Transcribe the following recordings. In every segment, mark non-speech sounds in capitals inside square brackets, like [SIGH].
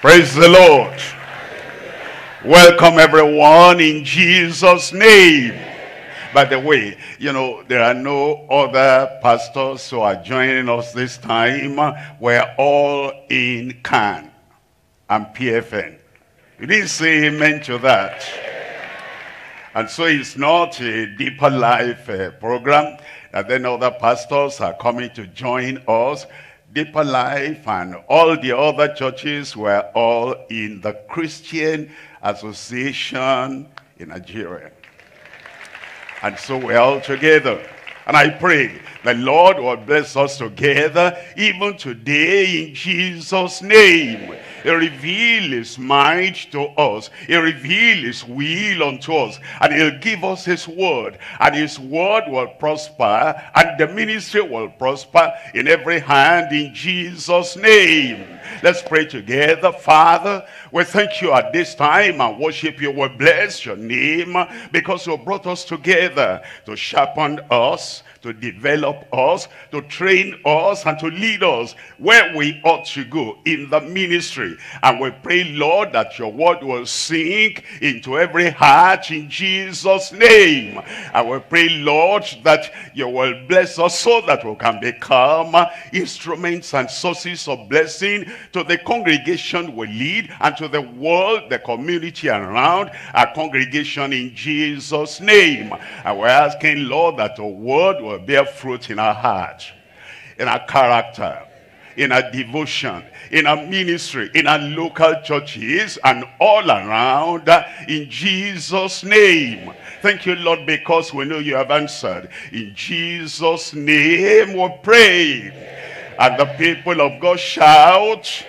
Praise the Lord. Welcome everyone in Jesus' name. By the way, you know, there are no other pastors who are joining us this time. We're all in CAN and PFN. You didn't say amen to that. And so it's not a deeper life uh, program. And then other pastors are coming to join us. Deeper Life and all the other churches were all in the Christian Association in Nigeria. And so we're all together. And I pray the Lord will bless us together even today in Jesus' name. He reveal his mind to us. He reveal his will unto us. And he'll give us his word. And his word will prosper. And the ministry will prosper in every hand in Jesus' name. Let's pray together. Father, we thank you at this time and worship you. We bless your name because you brought us together to sharpen us to develop us, to train us, and to lead us where we ought to go in the ministry. And we pray, Lord, that your word will sink into every heart in Jesus' name. And we pray, Lord, that you will bless us so that we can become instruments and sources of blessing to the congregation we lead and to the world, the community around our congregation in Jesus' name. And we're asking, Lord, that your word will will bear fruit in our heart, in our character, in our devotion, in our ministry, in our local churches, and all around in Jesus' name. Thank you, Lord, because we know you have answered. In Jesus' name we pray. And the people of God shout,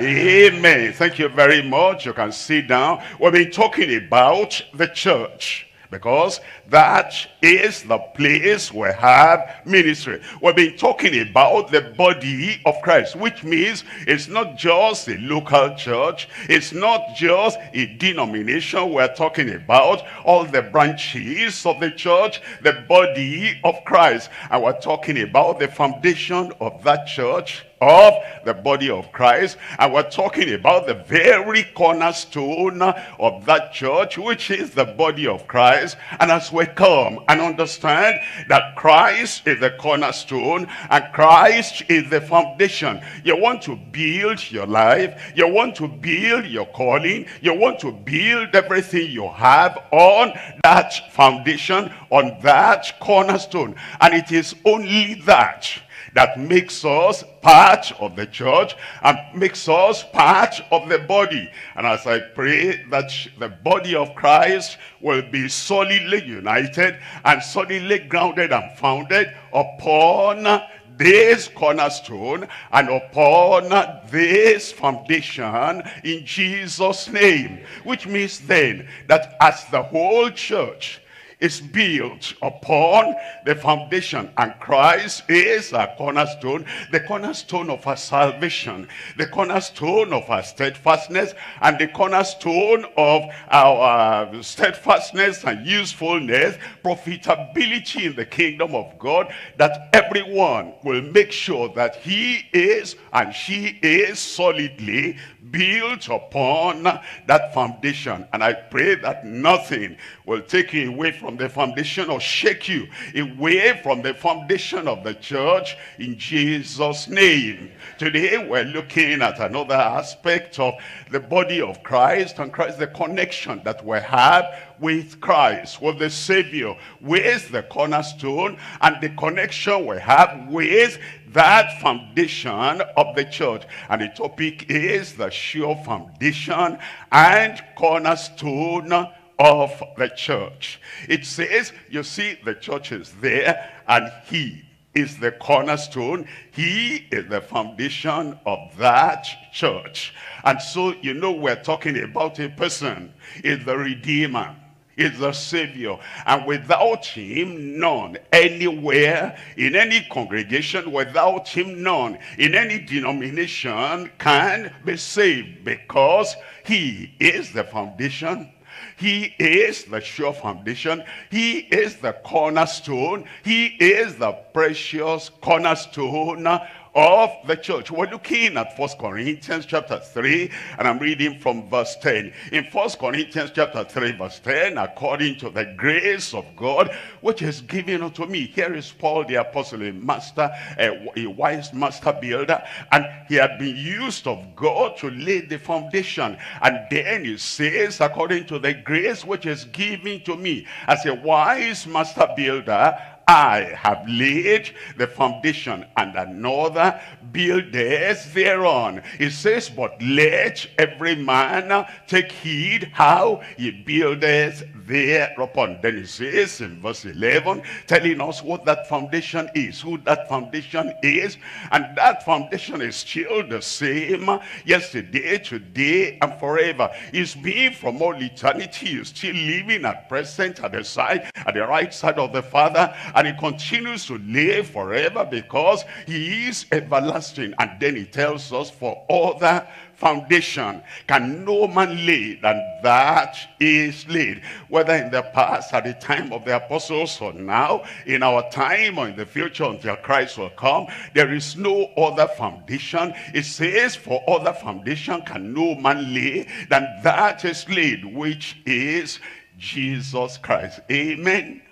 Amen. Amen. Thank you very much. You can sit down. We've been talking about the church because that is the place we have ministry. We've been talking about the body of Christ, which means it's not just a local church. It's not just a denomination we're talking about. All the branches of the church, the body of Christ. And we're talking about the foundation of that church of the body of Christ. And we're talking about the very cornerstone of that church, which is the body of Christ. And as we come and understand that Christ is the cornerstone and Christ is the foundation, you want to build your life, you want to build your calling, you want to build everything you have on that foundation, on that cornerstone. And it is only that that makes us part of the church and makes us part of the body. And as I pray that the body of Christ will be solidly united and solidly grounded and founded upon this cornerstone and upon this foundation in Jesus' name. Which means then that as the whole church is built upon the foundation and Christ is our cornerstone, the cornerstone of our salvation, the cornerstone of our steadfastness and the cornerstone of our uh, steadfastness and usefulness, profitability in the kingdom of God that everyone will make sure that he is and she is solidly built upon that foundation. And I pray that nothing will take you away from the foundation or shake you away from the foundation of the church in Jesus' name. Today we're looking at another aspect of the body of Christ and Christ, the connection that we have with Christ, with the Savior, with the cornerstone and the connection we have with that foundation of the church. And the topic is the sure foundation and cornerstone of the church. It says, you see, the church is there and he is the cornerstone. He is the foundation of that church. And so, you know, we're talking about a person, is the Redeemer is the Savior. And without him, none. Anywhere, in any congregation, without him, none. In any denomination can be saved because he is the foundation. He is the sure foundation. He is the cornerstone. He is the precious cornerstone of the church. We're looking at First Corinthians chapter 3, and I'm reading from verse 10. In First Corinthians chapter 3, verse 10, according to the grace of God, which is given unto me. Here is Paul the apostle, a master, a, a wise master builder, and he had been used of God to lay the foundation. And then he says, according to the grace which is given to me, as a wise master builder, I have laid the foundation and another buildeth thereon. It says, but let every man take heed how he buildeth thereupon. Then it says in verse 11, telling us what that foundation is, who that foundation is. And that foundation is still the same yesterday, today, and forever. It's has from all eternity. It's still living at present at the side, at the right side of the Father and he continues to live forever because he is everlasting. And then he tells us, for other foundation can no man lay than that is laid. Whether in the past, at the time of the apostles, or now, in our time, or in the future, until Christ will come, there is no other foundation. It says, for other foundation can no man lay than that is laid, which is Jesus Christ. Amen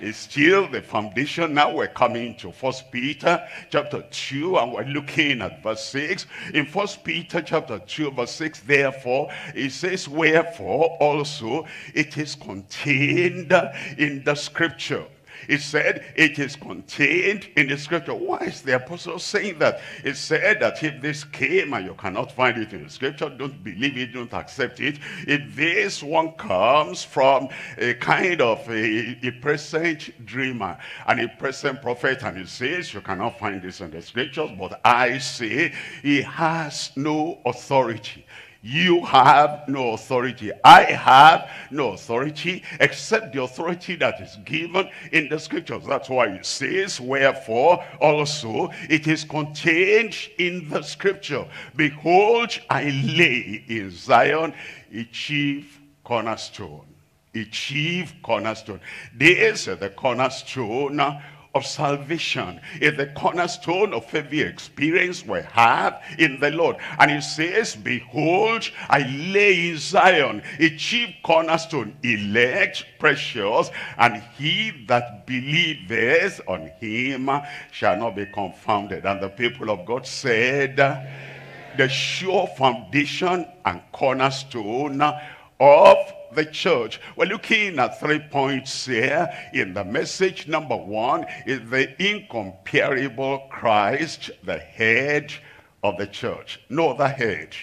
is still the foundation. Now we're coming to First Peter chapter 2 and we're looking at verse 6. In First Peter chapter 2 verse 6, therefore, it says, Wherefore also it is contained in the scripture it said it is contained in the scripture. Why is the apostle saying that? It said that if this came and you cannot find it in the scripture, don't believe it, don't accept it. If this one comes from a kind of a, a present dreamer and a present prophet and he says, you cannot find this in the scriptures, but I say he has no authority you have no authority. I have no authority except the authority that is given in the scriptures. That's why it says, wherefore also it is contained in the scripture. Behold, I lay in Zion a chief cornerstone. A chief cornerstone. This is the cornerstone of salvation is the cornerstone of every experience we have in the Lord. And he says, Behold, I lay in Zion a chief cornerstone, elect, precious, and he that believeth on him shall not be confounded. And the people of God said, Amen. The sure foundation and cornerstone of the church. We're looking at three points here in the message. Number one is the incomparable Christ, the head of the church. No other head,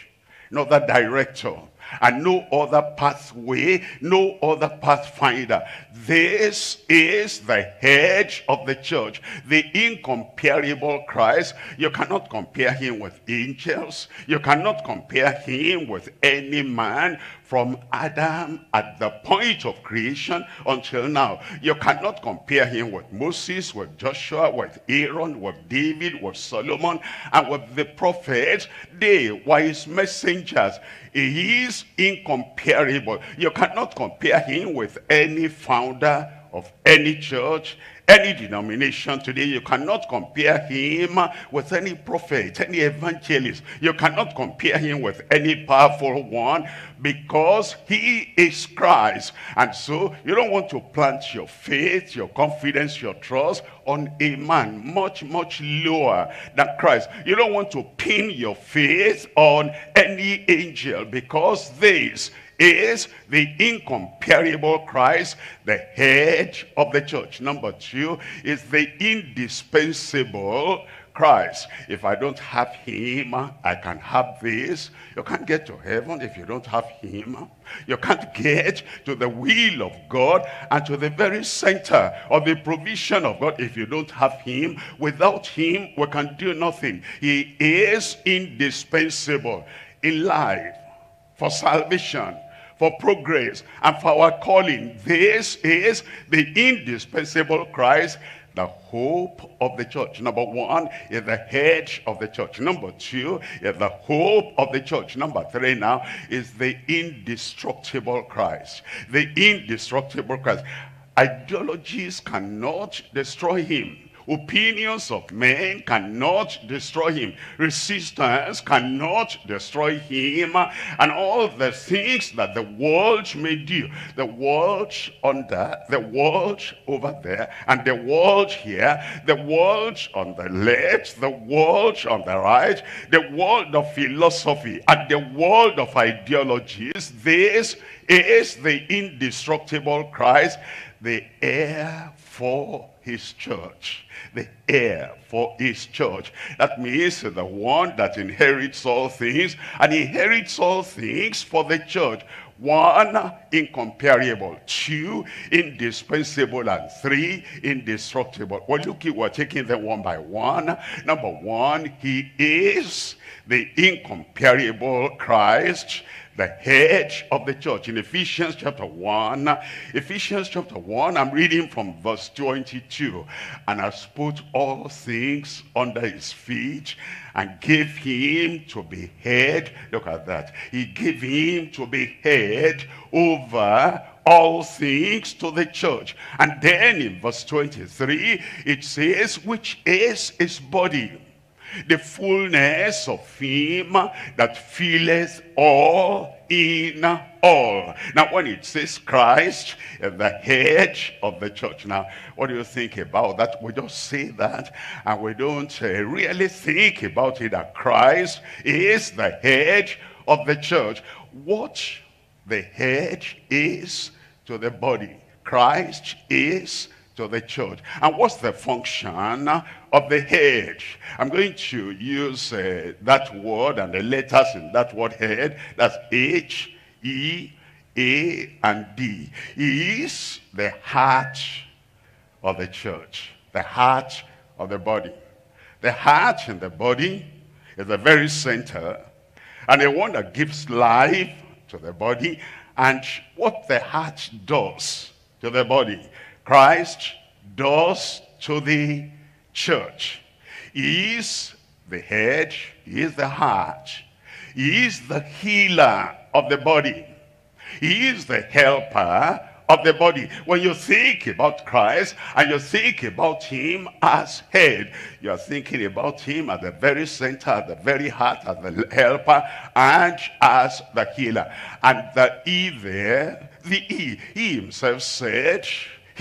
no other director, and no other pathway, no other pathfinder. This is the head of the church, the incomparable Christ. You cannot compare him with angels. You cannot compare him with any man from Adam at the point of creation until now. You cannot compare him with Moses, with Joshua, with Aaron, with David, with Solomon, and with the prophets. They were his messengers. He is incomparable. You cannot compare him with any found founder of any church, any denomination today, you cannot compare him with any prophet, any evangelist. You cannot compare him with any powerful one because he is Christ. And so you don't want to plant your faith, your confidence, your trust on a man much, much lower than Christ. You don't want to pin your faith on any angel because this is the incomparable Christ, the head of the church. Number two is the indispensable Christ. If I don't have him, I can have this. You can't get to heaven if you don't have him. You can't get to the will of God and to the very center of the provision of God if you don't have him. Without him, we can do nothing. He is indispensable in life for salvation for progress and for our calling. This is the indispensable Christ, the hope of the church. Number one is the head of the church. Number two is the hope of the church. Number three now is the indestructible Christ. The indestructible Christ. Ideologies cannot destroy him. Opinions of men cannot destroy him. Resistance cannot destroy him. And all the things that the world may do, the world under, the world over there, and the world here, the world on the left, the world on the right, the world of philosophy, and the world of ideologies, this is the indestructible Christ, the heir for his church. The heir for his church. That means the one that inherits all things and inherits all things for the church. One, incomparable. Two, indispensable. And three, indestructible. Well, look, we're taking them one by one. Number one, he is the incomparable Christ, the head of the church. In Ephesians chapter 1, Ephesians chapter 1, I'm reading from verse 22. And has put all things under his feet and gave him to be head. Look at that. He gave him to be head over all things to the church. And then in verse 23, it says, which is his body the fullness of him that filleth all in all. Now, when it says Christ, uh, the head of the church. Now, what do you think about that? We just say that and we don't uh, really think about it that Christ is the head of the church. What the head is to the body. Christ is to the church. And what's the function of the head? I'm going to use uh, that word and the letters in that word head. That's H, E, A, and D. He is the heart of the church, the heart of the body. The heart and the body is the very center and the one that gives life to the body and what the heart does to the body Christ does to the church. He is the head, he is the heart, he is the healer of the body, he is the helper of the body. When you think about Christ and you think about him as head, you are thinking about him at the very center, at the very heart, as the helper, and as the healer. And the E there, the E, he himself said,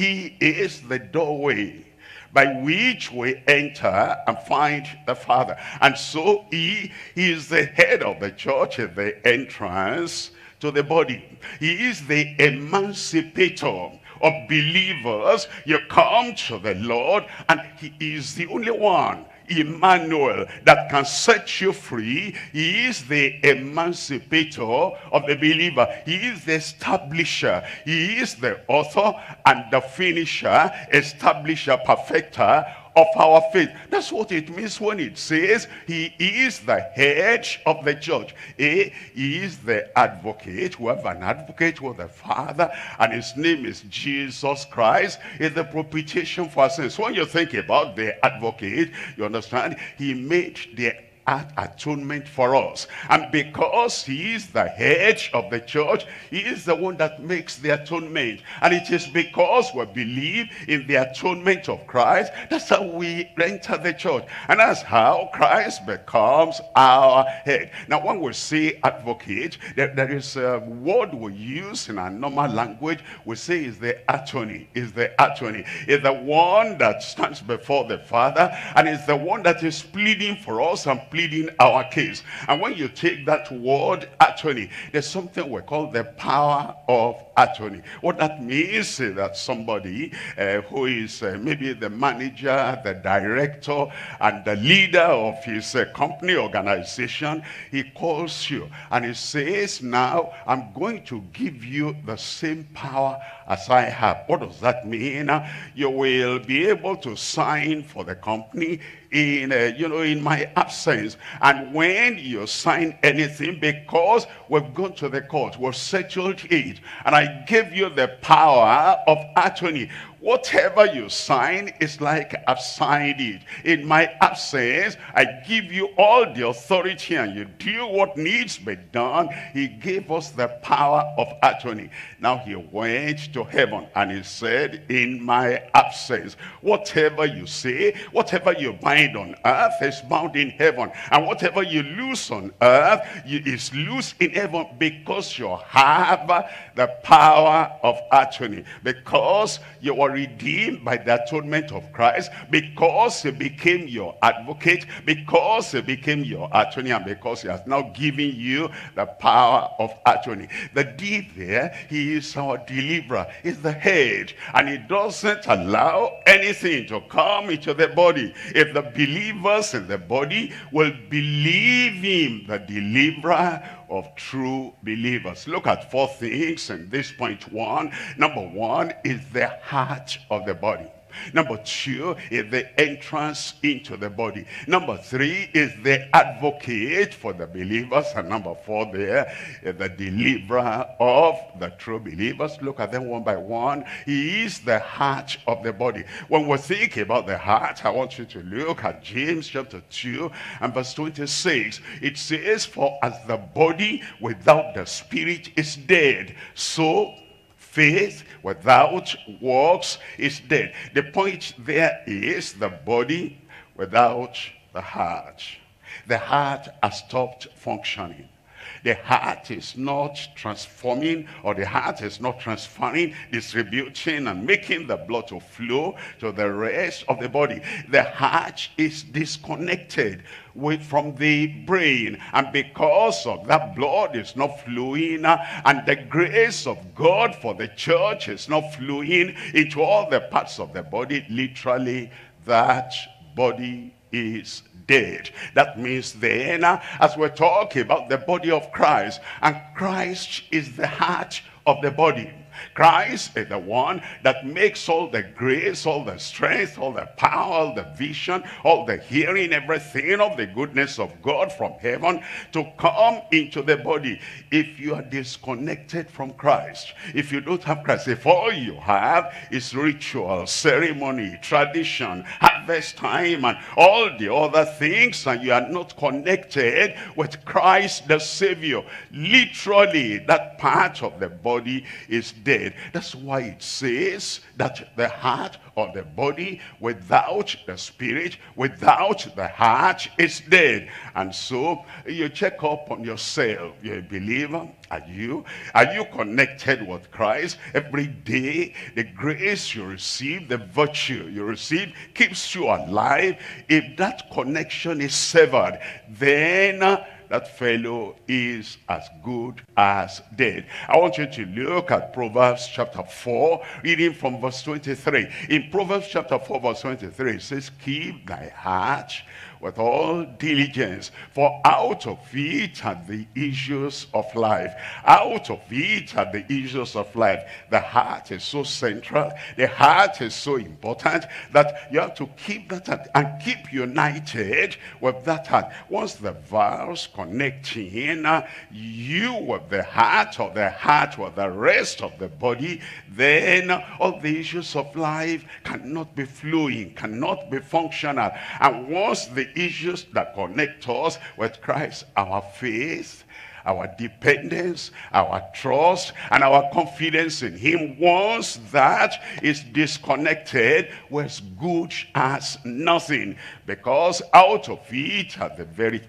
he is the doorway by which we enter and find the Father. And so he, he is the head of the church, the entrance to the body. He is the emancipator of believers. You come to the Lord and he is the only one Emmanuel that can set you free. He is the emancipator of the believer. He is the establisher. He is the author and the finisher, establisher, perfecter of our faith. That's what it means when it says he is the head of the church. he is the advocate. We have an advocate with the Father and his name is Jesus Christ. Is the propitiation for sins. When you think about the advocate, you understand he made the at atonement for us. And because he is the head of the church, he is the one that makes the atonement. And it is because we believe in the atonement of Christ, that's how we enter the church. And that's how Christ becomes our head. Now, when we say advocate, there, there is a word we use in our normal language, we say is the attorney, is the attorney, is the one that stands before the Father, and is the one that is pleading for us and pleading pleading our case. And when you take that word attorney, there's something we call the power of attorney. What that means is that somebody uh, who is uh, maybe the manager, the director, and the leader of his uh, company organization, he calls you and he says, now I'm going to give you the same power as I have. What does that mean? You will be able to sign for the company in, uh, you know, in my absence. And when you sign anything, because we've gone to the court, we've settled it, and I give you the power of attorney. Whatever you sign is like I've signed it. In my absence, I give you all the authority and you do what needs be done. He gave us the power of attorney. Now he went to heaven and he said, in my absence, whatever you say, whatever you bind on earth is bound in heaven. And whatever you loose on earth is loose in heaven because you have the power of attorney because you were redeemed by the atonement of Christ, because he became your advocate, because he became your attorney, and because he has now given you the power of attorney. The deed there, he is our deliverer, is the head, and he doesn't allow anything to come into the body. If the believers in the body will believe him, the deliverer of true believers. Look at four things in this point one. Number one is the heart of the body. Number two is the entrance into the body. Number three is the advocate for the believers. And number four there is the deliverer of the true believers. Look at them one by one. He is the heart of the body. When we think about the heart, I want you to look at James chapter 2 and verse 26. It says, For as the body without the spirit is dead, so faith without works is dead. The point there is the body without the heart. The heart has stopped functioning the heart is not transforming or the heart is not transferring, distributing and making the blood to flow to the rest of the body. The heart is disconnected with, from the brain. And because of that blood is not flowing uh, and the grace of God for the church is not flowing into all the parts of the body, literally that body is dead. That means then, as we're talking about the body of Christ, and Christ is the heart of the body. Christ is the one that makes all the grace, all the strength, all the power, all the vision, all the hearing, everything of the goodness of God from heaven to come into the body. If you are disconnected from Christ, if you don't have Christ, if all you have is ritual, ceremony, tradition, harvest time, and all the other things, and you are not connected with Christ the Savior, literally that part of the body is dead dead. That's why it says that the heart or the body without the spirit, without the heart is dead. And so you check up on yourself. You're a believer. Are you? Are you connected with Christ? Every day, the grace you receive, the virtue you receive keeps you alive. If that connection is severed, then that fellow is as good as dead. I want you to look at Proverbs chapter 4, reading from verse 23. In Proverbs chapter 4, verse 23, it says, Keep thy heart with all diligence. For out of it are the issues of life. Out of it are the issues of life. The heart is so central. The heart is so important that you have to keep that heart and keep united with that heart. Once the vows connecting uh, you with the heart or the heart with the rest of the body, then all the issues of life cannot be flowing, cannot be functional. And once the issues that connect us with Christ, our faith, our dependence, our trust, and our confidence in him. Once that is disconnected, we're as good as nothing because out of it are the very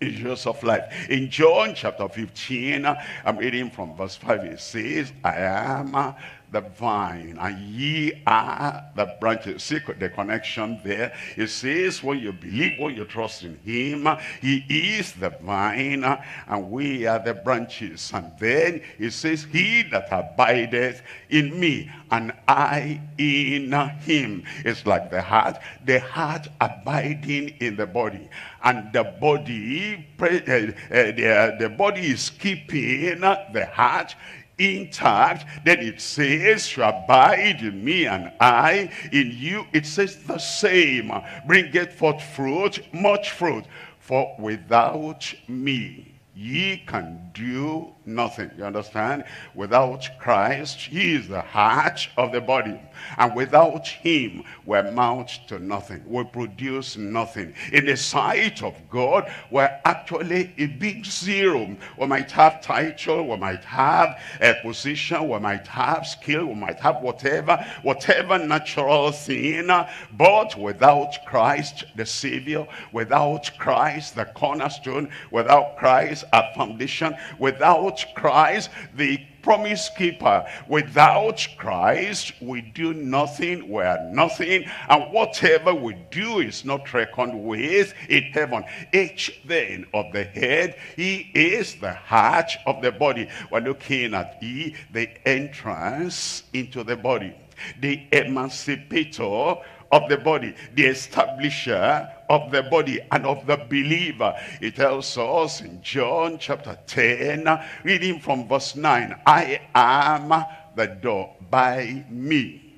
issues of life. In John chapter 15, I'm reading from verse 5, it says, I am the vine and ye are the branches. See the connection there. It says when you believe, when you trust in him, he is the vine and we are the branches. And then it says he that abideth in me and I in him. It's like the heart. The heart abiding in the body. And the body, uh, uh, the, uh, the body is keeping the heart intact. Then it says, abide in me and I in you. It says the same. Bringeth forth fruit, much fruit. For without me, ye can do nothing. You understand? Without Christ, he is the heart of the body. And without him, we amount to nothing. We produce nothing. In the sight of God, we're actually a big zero. We might have title, we might have a eh, position, we might have skill, we might have whatever, whatever natural thing. But without Christ, the Savior, without Christ, the cornerstone, without Christ, our foundation, without Christ, the promise keeper. Without Christ, we do nothing, we are nothing, and whatever we do is not reckoned with in heaven. Each vein of the head, he is the heart of the body. We're looking at he, the entrance into the body, the emancipator of the body, the establisher of the body and of the believer. It tells us in John chapter 10, reading from verse 9, I am the door by me,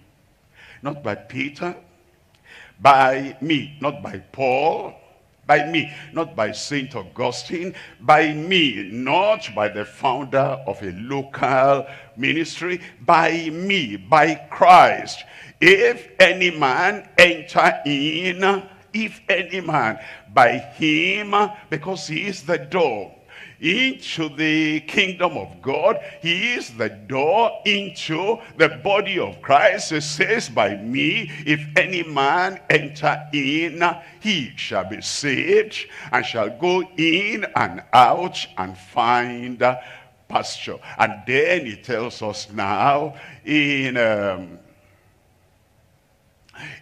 not by Peter, by me, not by Paul, by me, not by St. Augustine, by me, not by the founder of a local ministry, by me, by Christ. If any man enter in, if any man by him, because he is the door into the kingdom of God. He is the door into the body of Christ. It says, by me, if any man enter in, he shall be saved and shall go in and out and find pasture. And then he tells us now in... Um,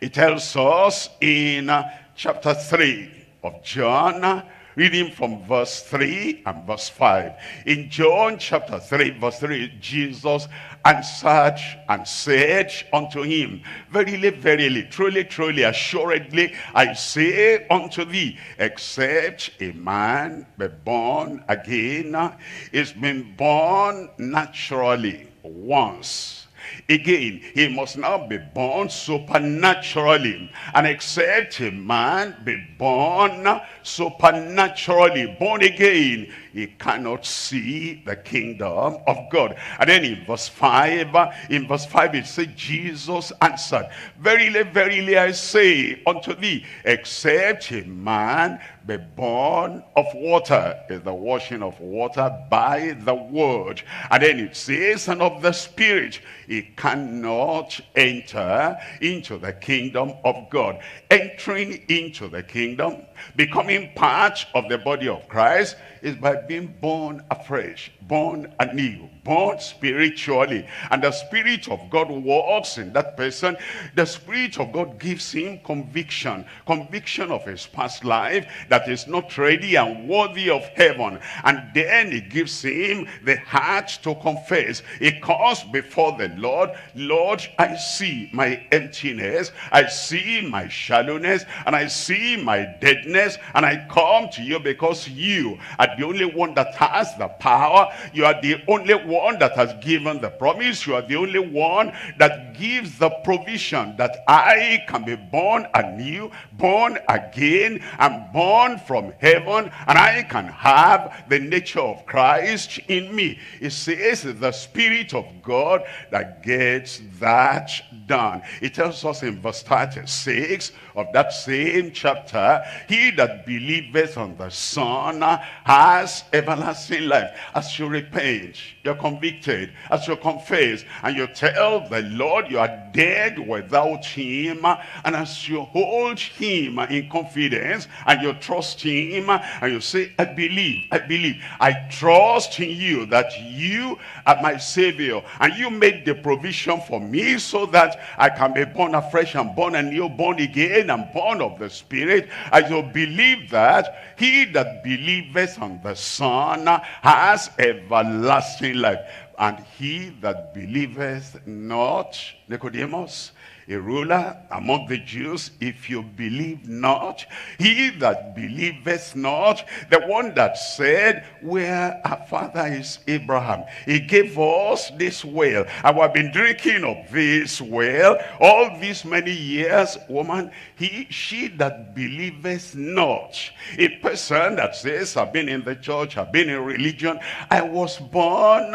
it tells us in uh, chapter 3 of John, reading from verse 3 and verse 5. In John chapter 3, verse 3, Jesus answered and said unto him, Verily, verily, truly, truly, assuredly, I say unto thee, except a man be born again, is been born naturally once Again, he must now be born supernaturally. And except a man be born supernaturally, born again, he cannot see the kingdom of God. And then in verse 5, in verse 5 it says, Jesus answered, Verily, verily, I say unto thee, except a man be born of water is the washing of water by the word and then it says and of the spirit he cannot enter into the kingdom of god entering into the kingdom Becoming part of the body of Christ is by being born afresh, born anew, born spiritually. And the Spirit of God works in that person. The Spirit of God gives him conviction, conviction of his past life that is not ready and worthy of heaven. And then he gives him the heart to confess. He calls before the Lord, Lord, I see my emptiness, I see my shallowness, and I see my deadness and I come to you because you are the only one that has the power. You are the only one that has given the promise. You are the only one that gives the provision that I can be born anew, born again. and born from heaven and I can have the nature of Christ in me. It says the Spirit of God that gets that done. It tells us in verse 36, of that same chapter, he that believeth on the Son has everlasting life. As you repent, you're convicted. As you confess, and you tell the Lord you are dead without him, and as you hold him in confidence, and you trust him, and you say, I believe, I believe, I trust in you that you are my Savior, and you made the provision for me so that I can be born afresh and born anew, born again, and born of the Spirit. I shall believe that he that believeth on the Son has everlasting life. And he that believeth not, Nicodemus, a ruler among the Jews, if you believe not, he that believeth not, the one that said, where our father is Abraham, he gave us this well, and we've been drinking of this well all these many years, woman, he, she that believeth not, a person that says, I've been in the church, I've been in religion, I was born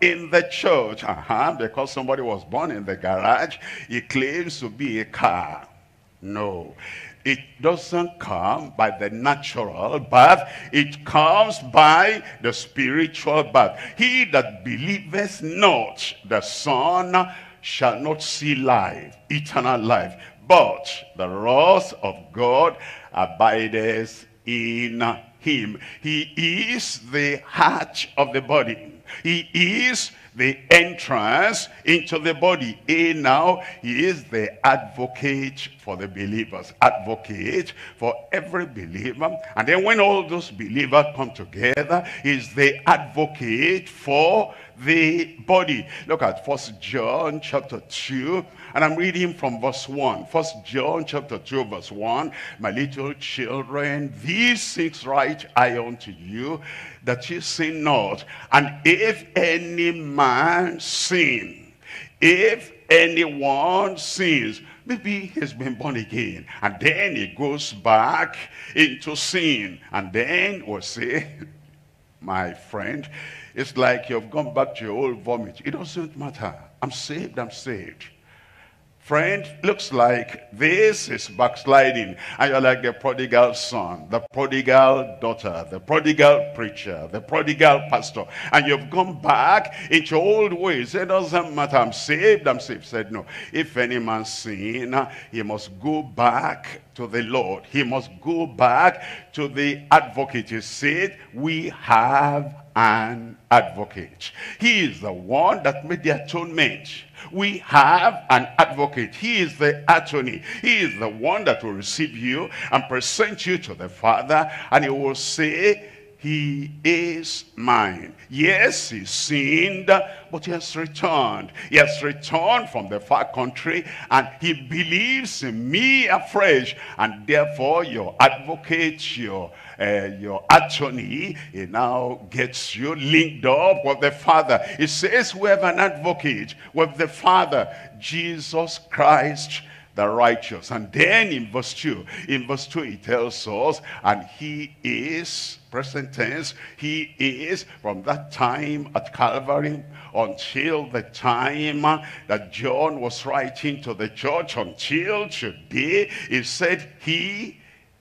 in the church. Uh -huh, because somebody was born in the garage, he claims to be a car. No, it doesn't come by the natural birth. It comes by the spiritual birth. He that believeth not the Son shall not see life, eternal life. But the wrath of God abideth in him. He is the heart of the body. He is the entrance into the body. A now, he is the advocate for the believers, advocate for every believer. And then when all those believers come together, he's the advocate for the body. Look at First John chapter 2 and I'm reading from verse 1. First John chapter 2, verse 1. My little children, these things write I unto you, that ye sin not. And if any man sin, if anyone sins, maybe he's been born again and then he goes back into sin and then we'll say [LAUGHS] my friend it's like you've gone back to your old vomit it doesn't matter i'm saved i'm saved Friend, looks like this is backsliding. And you're like the prodigal son, the prodigal daughter, the prodigal preacher, the prodigal pastor. And you've gone back into old ways. It doesn't matter. I'm saved. I'm saved. Said no. If any man sin, he must go back to the Lord. He must go back to the advocate. He said, we have an advocate. He is the one that made the atonement. We have an advocate. He is the attorney. He is the one that will receive you and present you to the Father. And he will say, he is mine. Yes, he sinned, but he has returned. He has returned from the far country, and he believes in me afresh. And therefore, your advocate, your uh, your attorney, he now gets you linked up with the Father. It says we have an advocate with the Father, Jesus Christ the righteous. And then in verse 2, in verse 2 it tells us, and he is, present tense, he is from that time at Calvary until the time that John was writing to the church until today, it said he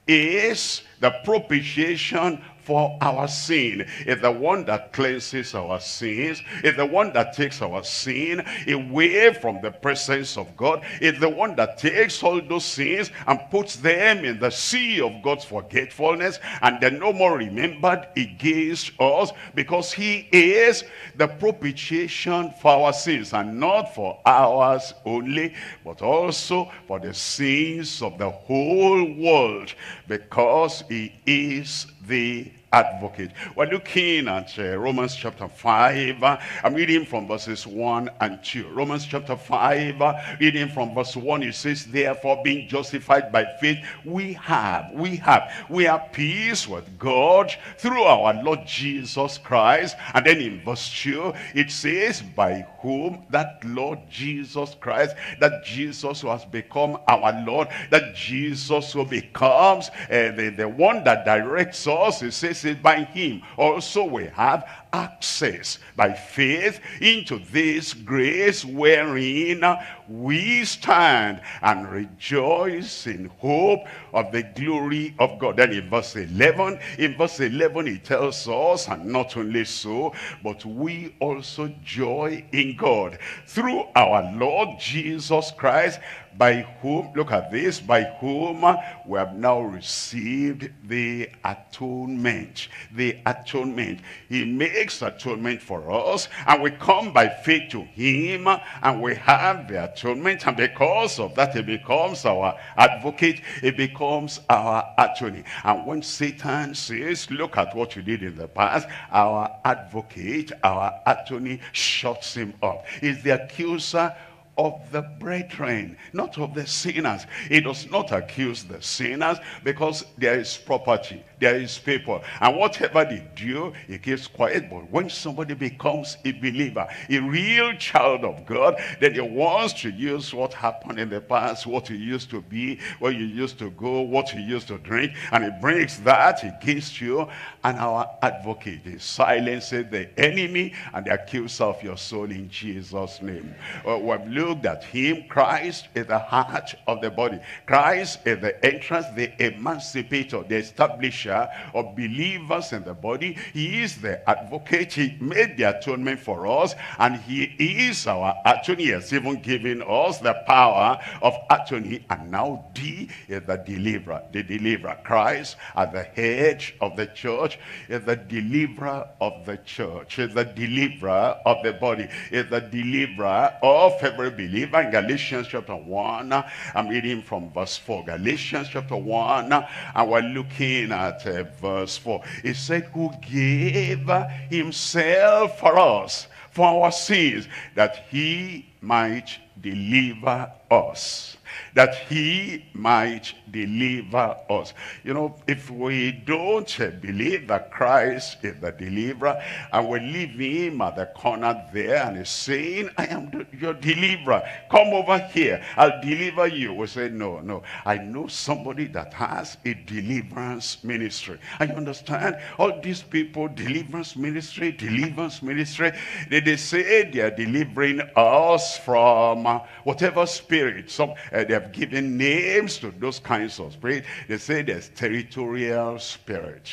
is the propitiation for our sin is the one that cleanses our sins, is the one that takes our sin away from the presence of God, is the one that takes all those sins and puts them in the sea of God's forgetfulness and they're no more remembered against us because he is the propitiation for our sins and not for ours only but also for the sins of the whole world because he is the advocate. We're looking at uh, Romans chapter 5. I'm reading from verses 1 and 2. Romans chapter 5, reading from verse 1, it says, Therefore, being justified by faith, we have, we have, we have peace with God through our Lord Jesus Christ. And then in verse 2, it says, By whom that Lord Jesus Christ, that Jesus who has become our Lord, that Jesus who becomes uh, the, the one that directs us, it says, by him also we have access by faith into this grace wherein we stand and rejoice in hope of the glory of God. Then in verse 11, in verse 11 he tells us, and not only so, but we also joy in God through our Lord Jesus Christ, by whom, look at this, by whom we have now received the atonement. The atonement. He makes atonement for us, and we come by faith to him, and we have the atonement, and because of that, he becomes our advocate, he becomes our attorney. And when Satan says, look at what you did in the past, our advocate, our attorney shuts him up. He's the accuser of the brethren, not of the sinners. He does not accuse the sinners because there is property. There is people. And whatever they do, it keeps quiet. But when somebody becomes a believer, a real child of God, then he wants to use what happened in the past, what he used to be, where you used to go, what you used to drink. And he brings that against you. And our advocate, he silences the enemy and the accuser of your soul in Jesus' name. Uh, we've looked at him. Christ is the heart of the body. Christ is the entrance, the emancipator, the establisher of believers in the body. He is the advocate. He made the atonement for us. And he is our attorney. He has even given us the power of attorney. And now D is the deliverer. The deliverer. Christ at the head of the church is the deliverer of the church. Is the deliverer of the body. Is the deliverer of every believer. In Galatians chapter 1, I'm reading from verse 4. Galatians chapter 1, and we're looking at uh, verse 4. it said, who gave himself for us, for our sins, that he might deliver us that he might deliver us. You know, if we don't believe that Christ is the deliverer, and we leave him at the corner there and he's saying, I am your deliverer. Come over here. I'll deliver you. We say, no, no. I know somebody that has a deliverance ministry. And you understand? All these people, deliverance ministry, deliverance ministry, they, they say they are delivering us from uh, whatever spirit. Some, uh, they have given names to those kinds of spirits. They say there's territorial spirit.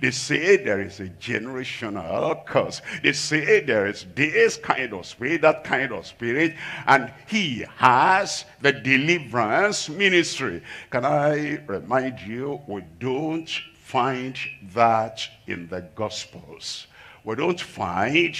They say there is a generational curse. They say there is this kind of spirit, that kind of spirit, and he has the deliverance ministry. Can I remind you, we don't find that in the Gospels. We don't find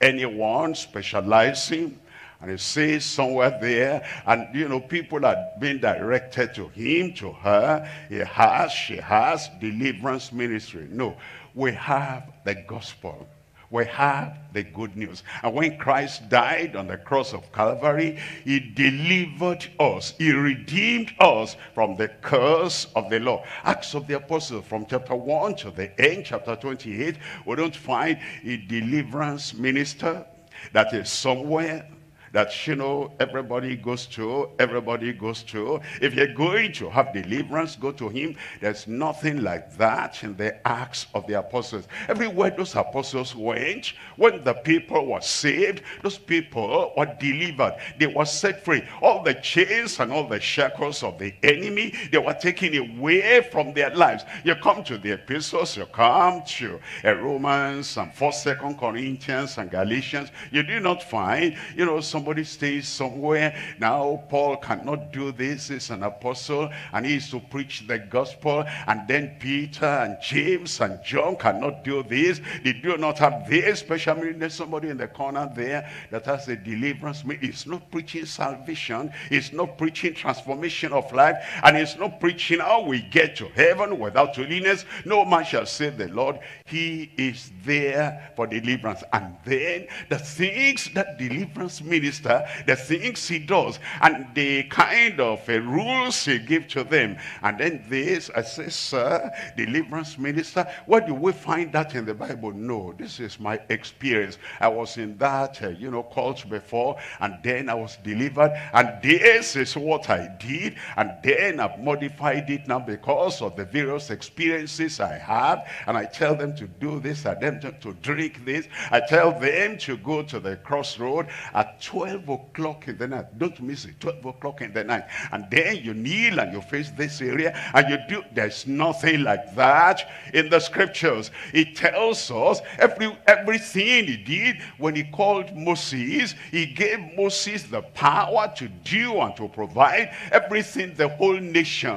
anyone specializing and it says somewhere there, and you know, people are being directed to him, to her. He has, she has deliverance ministry. No, we have the gospel. We have the good news. And when Christ died on the cross of Calvary, he delivered us. He redeemed us from the curse of the law. Acts of the Apostles from chapter 1 to the end, chapter 28, we don't find a deliverance minister that is somewhere that, you know, everybody goes to, everybody goes to. If you're going to have deliverance, go to him. There's nothing like that in the Acts of the Apostles. Everywhere those apostles went, when the people were saved, those people were delivered. They were set free. All the chains and all the shackles of the enemy, they were taken away from their lives. You come to the epistles, you come to Romans and 1st, 2nd Corinthians and Galatians. You do not find, you know, some somebody stays somewhere. Now, Paul cannot do this. He's an apostle and he is to preach the gospel. And then Peter and James and John cannot do this. They do not have this special ministry. There's somebody in the corner there that has a deliverance. It's not preaching salvation. It's not preaching transformation of life. And it's not preaching how we get to heaven without holiness. No man shall say the Lord he is there for deliverance. And then the things that deliverance minister, the things he does, and the kind of uh, rules he gives to them. And then this, I say, sir, deliverance minister, what do we find that in the Bible? No, this is my experience. I was in that, uh, you know, cult before, and then I was delivered, and this is what I did, and then I've modified it now because of the various experiences I have, and I tell them to to do this. I tell them to drink this. I tell them to go to the crossroad at 12 o'clock in the night. Don't miss it. 12 o'clock in the night. And then you kneel and you face this area and you do. There's nothing like that in the scriptures. It tells us every, everything he did when he called Moses. He gave Moses the power to do and to provide everything the whole nation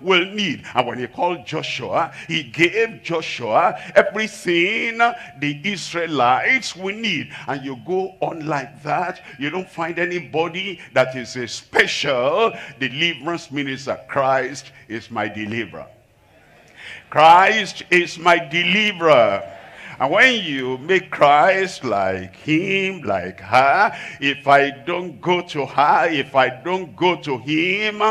will need. And when he called Joshua, he gave Joshua everything the Israelites will need. And you go on like that. You don't find anybody that is a special deliverance minister. Christ is my deliverer. Christ is my deliverer. And when you make Christ like him, like her, if I don't go to her, if I don't go to him,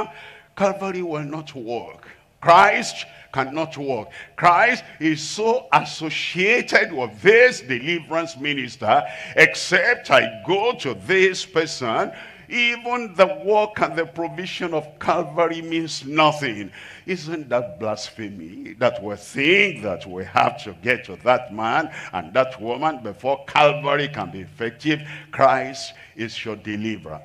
Calvary will not work. Christ cannot walk. Christ is so associated with this deliverance minister, except I go to this person, even the work and the provision of Calvary means nothing. Isn't that blasphemy that we think that we have to get to that man and that woman before Calvary can be effective? Christ is your deliverer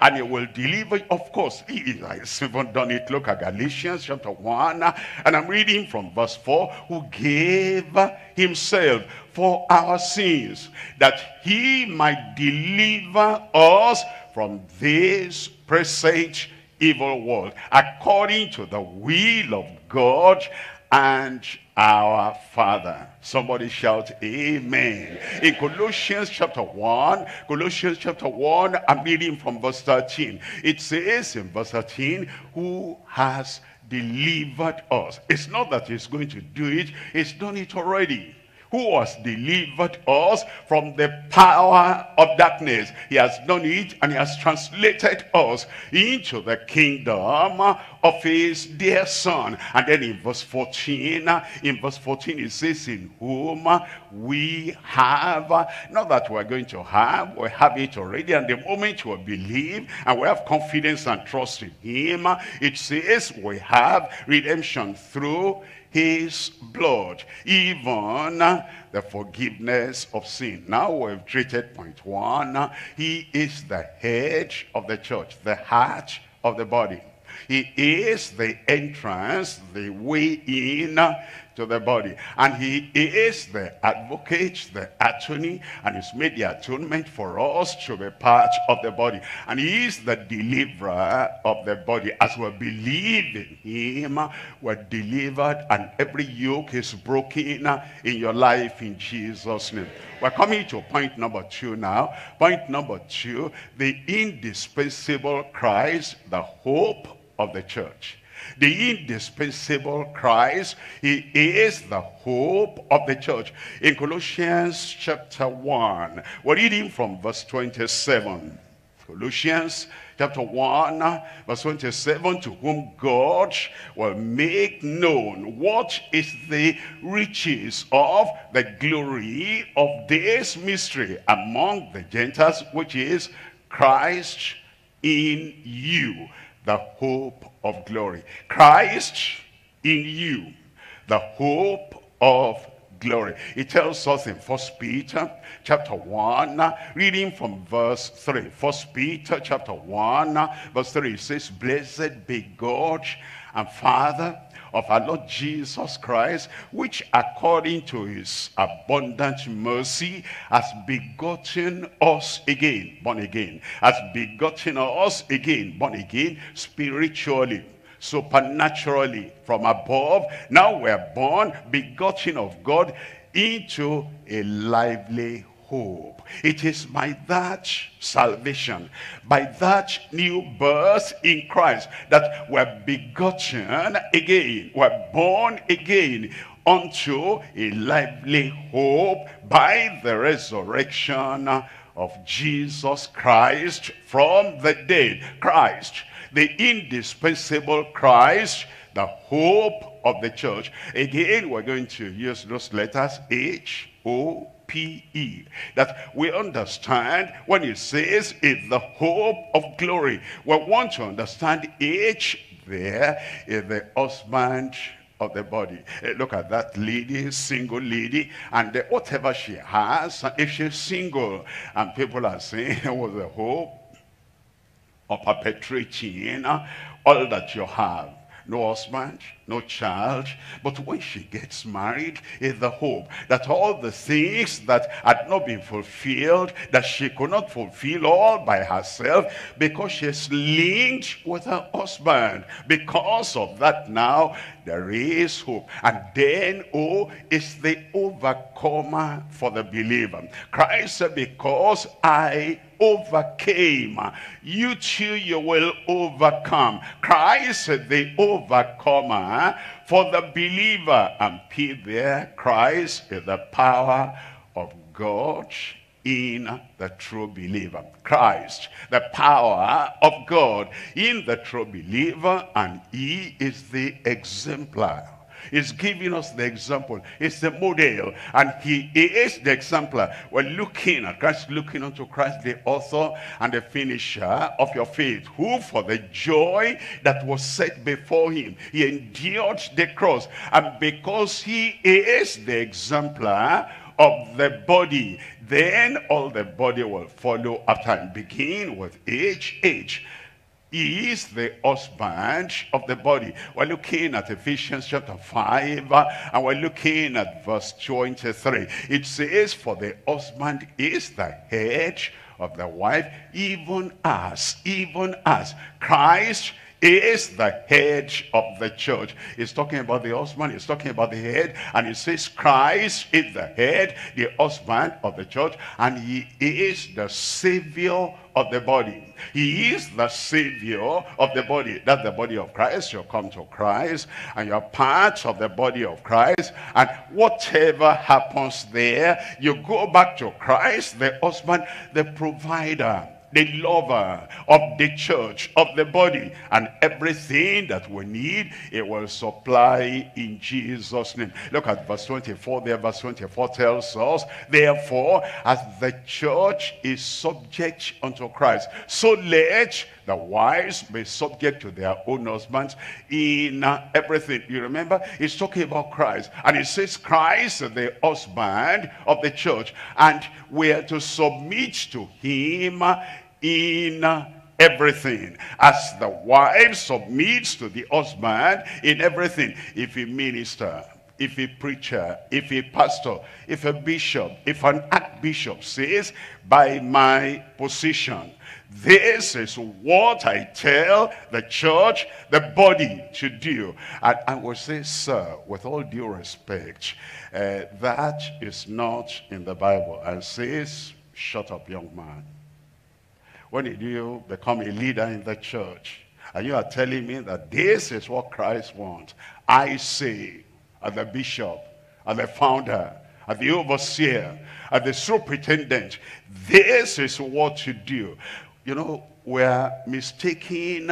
and he will deliver of course he has [LAUGHS] even done it look at galatians chapter 1 and i'm reading from verse 4 who gave himself for our sins that he might deliver us from this present evil world according to the will of god and our father somebody shout amen in colossians chapter 1 colossians chapter 1 i'm reading from verse 13 it says in verse 13 who has delivered us it's not that he's going to do it he's done it already who has delivered us from the power of darkness. He has done it and he has translated us into the kingdom of his dear son. And then in verse 14, in verse 14 it says, in whom we have, not that we're going to have, we have it already. And the moment we believe and we have confidence and trust in him, it says we have redemption through his blood, even the forgiveness of sin. Now we've treated point one. He is the head of the church, the heart of the body. He is the entrance, the way in to the body. And he is the advocate, the attorney, and he's made the atonement for us to be part of the body. And he is the deliverer of the body. As we believe in him, we're delivered and every yoke is broken in your life in Jesus' name. We're coming to point number two now. Point number two, the indispensable Christ, the hope of the church. The indispensable Christ, he is the hope of the church. In Colossians chapter 1, we're reading from verse 27. Colossians chapter 1 verse 27 to whom God will make known what is the riches of the glory of this mystery among the Gentiles which is Christ in you the hope of glory. Christ in you, the hope of glory. It tells us in First Peter chapter 1, reading from verse 3. First Peter chapter 1, verse 3, it says, Blessed be God and Father of our Lord Jesus Christ, which according to his abundant mercy has begotten us again, born again, has begotten us again, born again, spiritually supernaturally from above. Now we're born, begotten of God, into a lively hope. It is by that salvation, by that new birth in Christ that we're begotten again, we're born again unto a lively hope by the resurrection of Jesus Christ from the dead. Christ the indispensable Christ, the hope of the church. Again, we're going to use those letters H, O, P, E. That we understand when it says it's the hope of glory. We want to understand H there is the husband of the body. Eh, look at that lady, single lady, and whatever she has, if she's single, and people are saying, [LAUGHS] was the hope or perpetrating all that you have. No husband, no child. But when she gets married, is the hope that all the things that had not been fulfilled, that she could not fulfill all by herself, because she is linked with her husband. Because of that now, there is hope. And then, oh, is the overcomer for the believer. Christ said, because I overcame. You too, you will overcome. Christ, the overcomer, for the believer and pay there Christ is the power of God in the true believer. Christ, the power of God in the true believer, and he is the exemplar is giving us the example. He's the model. And he, he is the exemplar. We're looking at Christ, looking unto Christ, the author and the finisher of your faith, who for the joy that was set before him, he endured the cross. And because he is the exemplar of the body, then all the body will follow after and begin with age, age. He is the husband of the body. We're looking at Ephesians chapter 5, and we're looking at verse 23. It says, For the husband is the head of the wife, even as, even as Christ is the head of the church. He's talking about the husband, he's talking about the head, and he says Christ is the head, the husband of the church, and he is the savior of the body. He is the savior of the body. That's the body of Christ. You come to Christ and you're part of the body of Christ. And whatever happens there, you go back to Christ, the husband, the provider the lover of the church, of the body, and everything that we need, it will supply in Jesus' name. Look at verse 24 there. Verse 24 tells us, Therefore, as the church is subject unto Christ, so let the wives be subject to their own husbands in everything. You remember, it's talking about Christ. And it says Christ, the husband of the church. And we are to submit to him in everything as the wife submits to the husband in everything if a minister if a preacher if a pastor if a bishop if an archbishop says by my position this is what I tell the church, the body to do. And I will say, sir, with all due respect, uh, that is not in the Bible. And says, shut up, young man. When you become a leader in the church? And you are telling me that this is what Christ wants. I say, as the bishop, as the founder, as the overseer, as the superintendent, this is what you do. You know, we're mistaking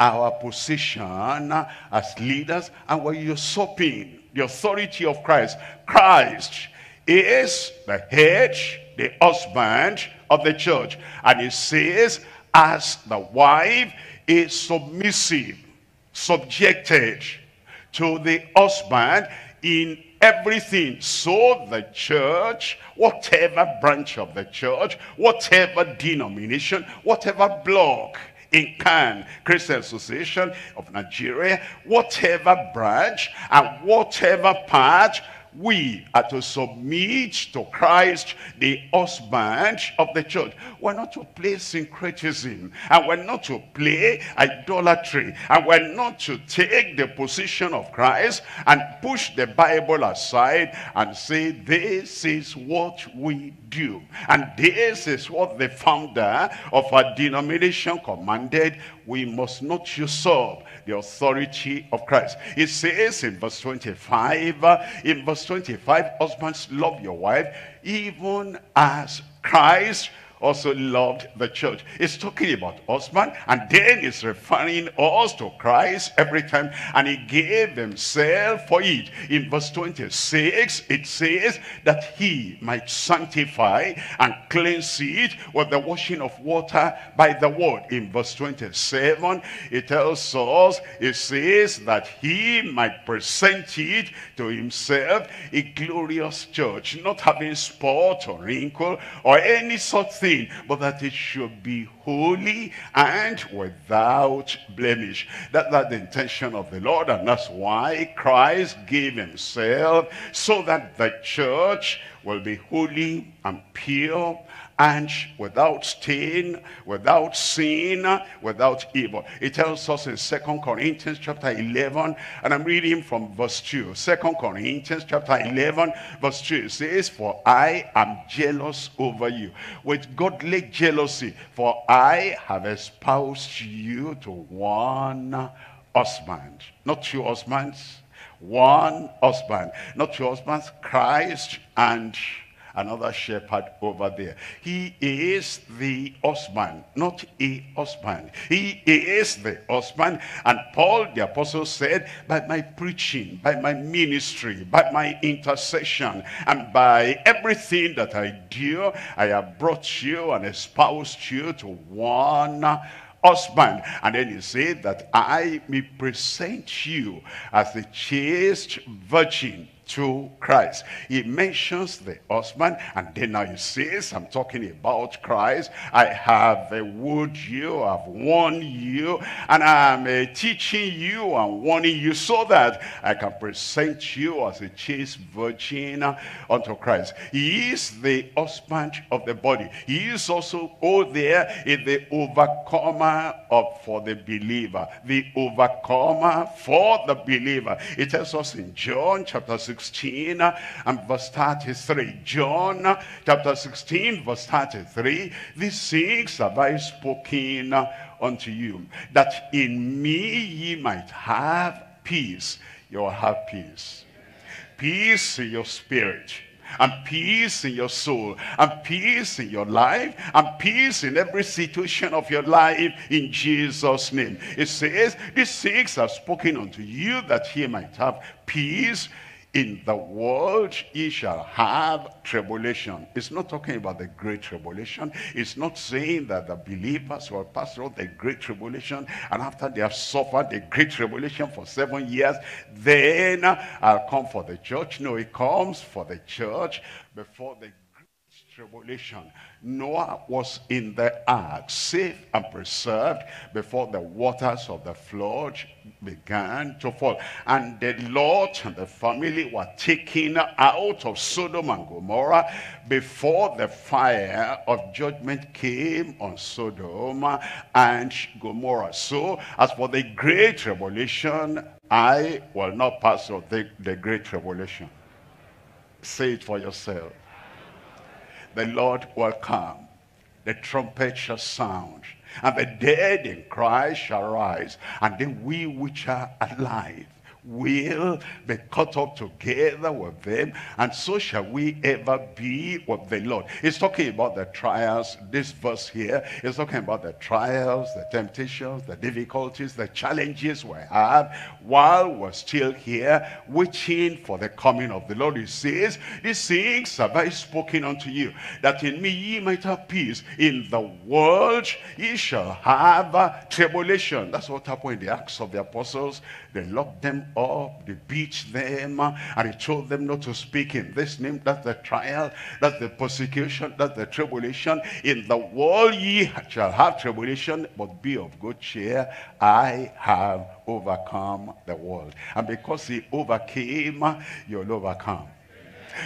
our position as leaders and we're usurping the authority of Christ. Christ is the head the husband of the church. And he says, as the wife is submissive, subjected to the husband in everything. So the church, whatever branch of the church, whatever denomination, whatever block, in Can Christian Association of Nigeria, whatever branch and whatever part we are to submit to Christ, the husband of the church. We're not to play syncretism, and we're not to play idolatry, and we're not to take the position of Christ and push the Bible aside and say, this is what we do, and this is what the founder of our denomination commanded we must not usurp the authority of Christ. It says in verse 25, uh, in verse 25, husbands, love your wife, even as Christ also loved the church. It's talking about Osman, and then it's referring us to Christ every time, and he gave himself for it. In verse 26, it says that he might sanctify and cleanse it with the washing of water by the word. In verse 27, it tells us, it says that he might present it to himself a glorious church, not having spot or wrinkle or any such thing but that it should be holy and without blemish. That, that's the intention of the Lord, and that's why Christ gave himself so that the church will be holy and pure and without stain, without sin, without evil. It tells us in Second Corinthians chapter 11, and I'm reading from verse 2. 2 Corinthians chapter 11, verse 2 says, For I am jealous over you with godly jealousy, for I have espoused you to one husband. Not two husbands, one husband. Not two husbands, Christ and another shepherd over there. He is the husband, not a husband. He is the husband. And Paul the apostle said, by my preaching, by my ministry, by my intercession, and by everything that I do, I have brought you and espoused you to one husband. And then he said that I may present you as a chaste virgin to Christ. He mentions the husband, and then now he says, I'm talking about Christ. I have wooed you, I've warned you, and I'm uh, teaching you and warning you so that I can present you as a chaste virgin unto Christ. He is the husband of the body. He is also all there in the overcomer of, for the believer. The overcomer for the believer. It tells us in John chapter 6, 16 and verse 33. John chapter 16 verse 33. These things have I spoken unto you, that in me ye might have peace. You'll have peace. Peace in your spirit and peace in your soul and peace in your life and peace in every situation of your life in Jesus name it says these things are spoken unto you that he might have peace in the world ye shall have tribulation. It's not talking about the great tribulation. It's not saying that the believers will pass through the great tribulation and after they have suffered the great tribulation for seven years, then I'll uh, come for the church. No, it comes for the church before the great tribulation. Noah was in the ark, safe and preserved before the waters of the flood began to fall. And the Lot and the family were taken out of Sodom and Gomorrah before the fire of judgment came on Sodom and Gomorrah. So as for the great revelation, I will not pass through the, the great revelation. Say it for yourself the Lord will come. The trumpet shall sound, and the dead in Christ shall rise, and then we which are alive will be caught up together with them, and so shall we ever be with the Lord. He's talking about the trials, this verse here is talking about the trials, the temptations, the difficulties, the challenges we have while we're still here, waiting for the coming of the Lord. He says, These things have I spoken unto you, that in me ye might have peace. In the world ye shall have tribulation. That's what happened in the Acts of the Apostles. They locked them up, they beat them, and he told them not to speak in this name. That's the trial, that's the persecution, that's the tribulation. In the world ye shall have tribulation, but be of good cheer. I have overcome the world. And because he overcame, you'll overcome.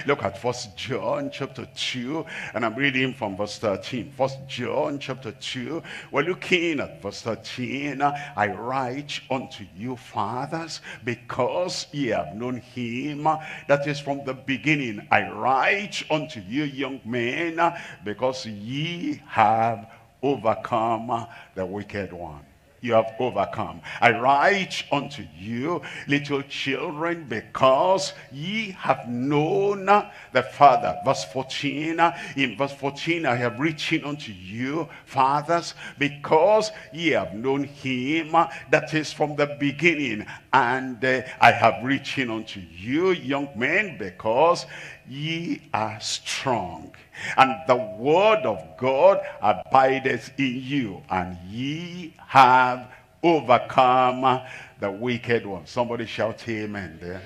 Look at First John chapter 2, and I'm reading from verse 13. First John chapter 2, we're looking at verse 13. I write unto you, fathers, because ye have known him. That is from the beginning. I write unto you, young men, because ye have overcome the wicked one you have overcome. I write unto you, little children, because ye have known the Father. Verse 14, in verse 14, I have reaching unto you, fathers, because ye have known him that is from the beginning. And uh, I have reaching unto you, young men, because ye are strong, and the word of God abideth in you, and ye have overcome the wicked one. Somebody shout amen there.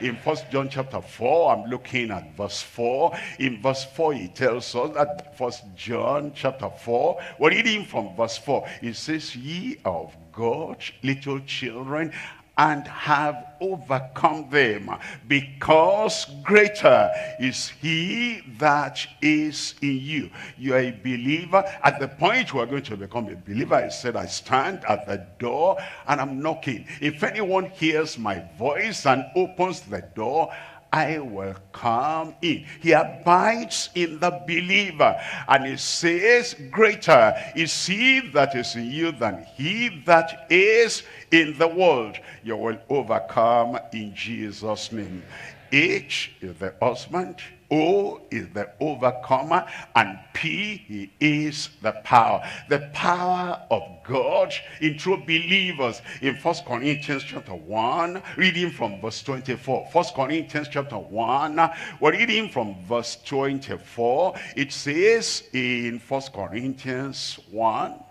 In First John chapter 4, I'm looking at verse 4. In verse 4, he tells us that First John chapter 4, we're reading from verse 4. It says, ye of God, little children, and have overcome them because greater is he that is in you you are a believer at the point you are going to become a believer i said i stand at the door and i'm knocking if anyone hears my voice and opens the door I will come in. He abides in the believer. And he says, greater is he that is in you than he that is in the world. You will overcome in Jesus' name. H is the husband. O is the overcomer and P, he is the power. The power of God in true believers. In First Corinthians chapter 1, reading from verse 24. First Corinthians chapter 1, we're reading from verse 24. It says in First Corinthians 1,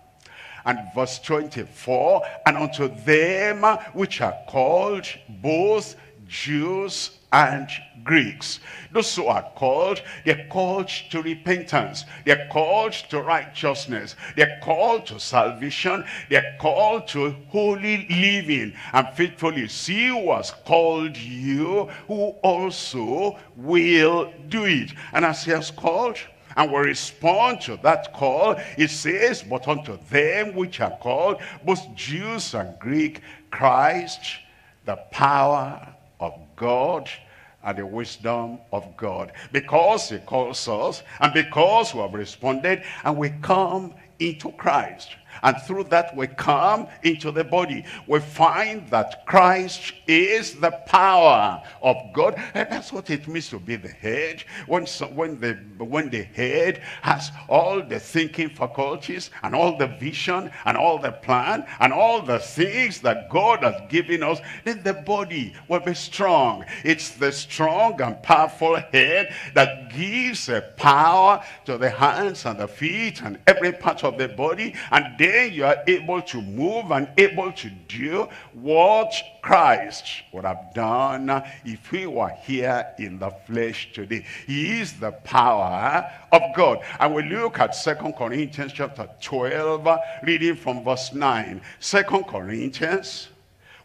and verse 24, and unto them which are called both Jews and Greeks. Those who are called, they're called to repentance. They're called to righteousness. They're called to salvation. They're called to holy living and faithfully. See who has called you, who also will do it. And as he has called, and will respond to that call. It says, but unto them which are called, both Jews and Greek, Christ, the power of God and the wisdom of God. Because he calls us and because we have responded and we come into Christ. And through that we come into the body. We find that Christ is the power of God. And that's what it means to be the head. When, so, when, the, when the head has all the thinking faculties and all the vision and all the plan and all the things that God has given us, then the body will be strong. It's the strong and powerful head that gives a power to the hands and the feet and every part of the body. And then you are able to move and able to do what Christ would have done if he were here in the flesh today. He is the power of God. And we look at Second Corinthians chapter 12, reading from verse 9. Second Corinthians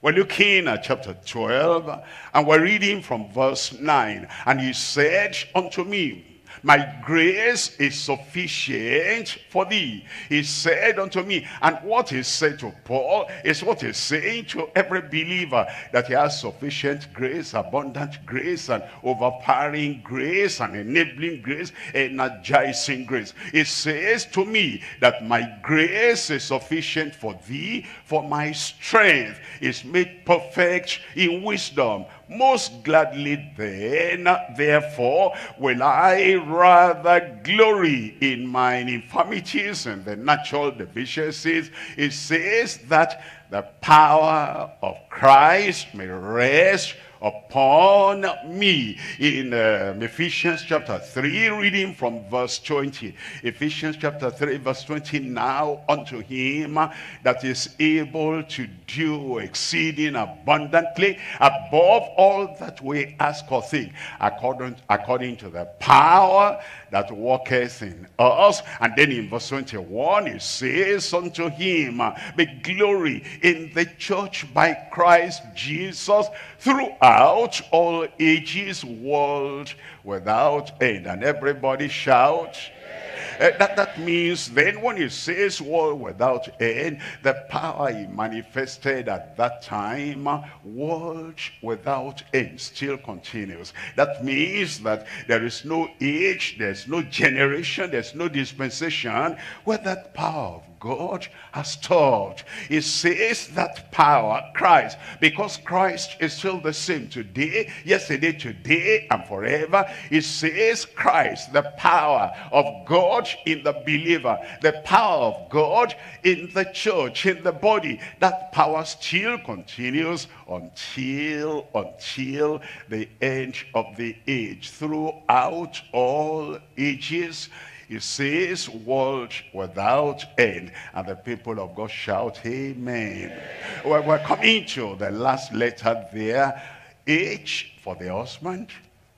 we're looking at chapter 12, and we're reading from verse 9. And he said unto me, my grace is sufficient for thee. He said unto me, and what he said to Paul is what he's saying to every believer, that he has sufficient grace, abundant grace, and overpowering grace, and enabling grace, energizing grace. It says to me that my grace is sufficient for thee, for my strength is made perfect in wisdom. Most gladly then, therefore, will I rather glory in mine infirmities and the natural deficiencies. It says that the power of Christ may rest upon me. In uh, Ephesians chapter 3, reading from verse 20. Ephesians chapter 3, verse 20. Now unto him that is able to do exceeding abundantly above all that we ask or think, according, according to the power that worketh in us. And then in verse 21, it says unto him, be glory in the church by Christ Jesus through out all ages, world without end. And everybody shout. Uh, eh, that, that means then when he says world without end, the power he manifested at that time, world without end still continues. That means that there is no age, there's no generation, there's no dispensation where that power of God has taught. He says that power, Christ, because Christ is still the same today, yesterday, today, and forever. He says Christ, the power of God in the believer, the power of God in the church, in the body. That power still continues until, until the end of the age, throughout all ages. It says, world without end. And the people of God shout, Amen. Amen. Well, we're coming to the last letter there. H for the husband,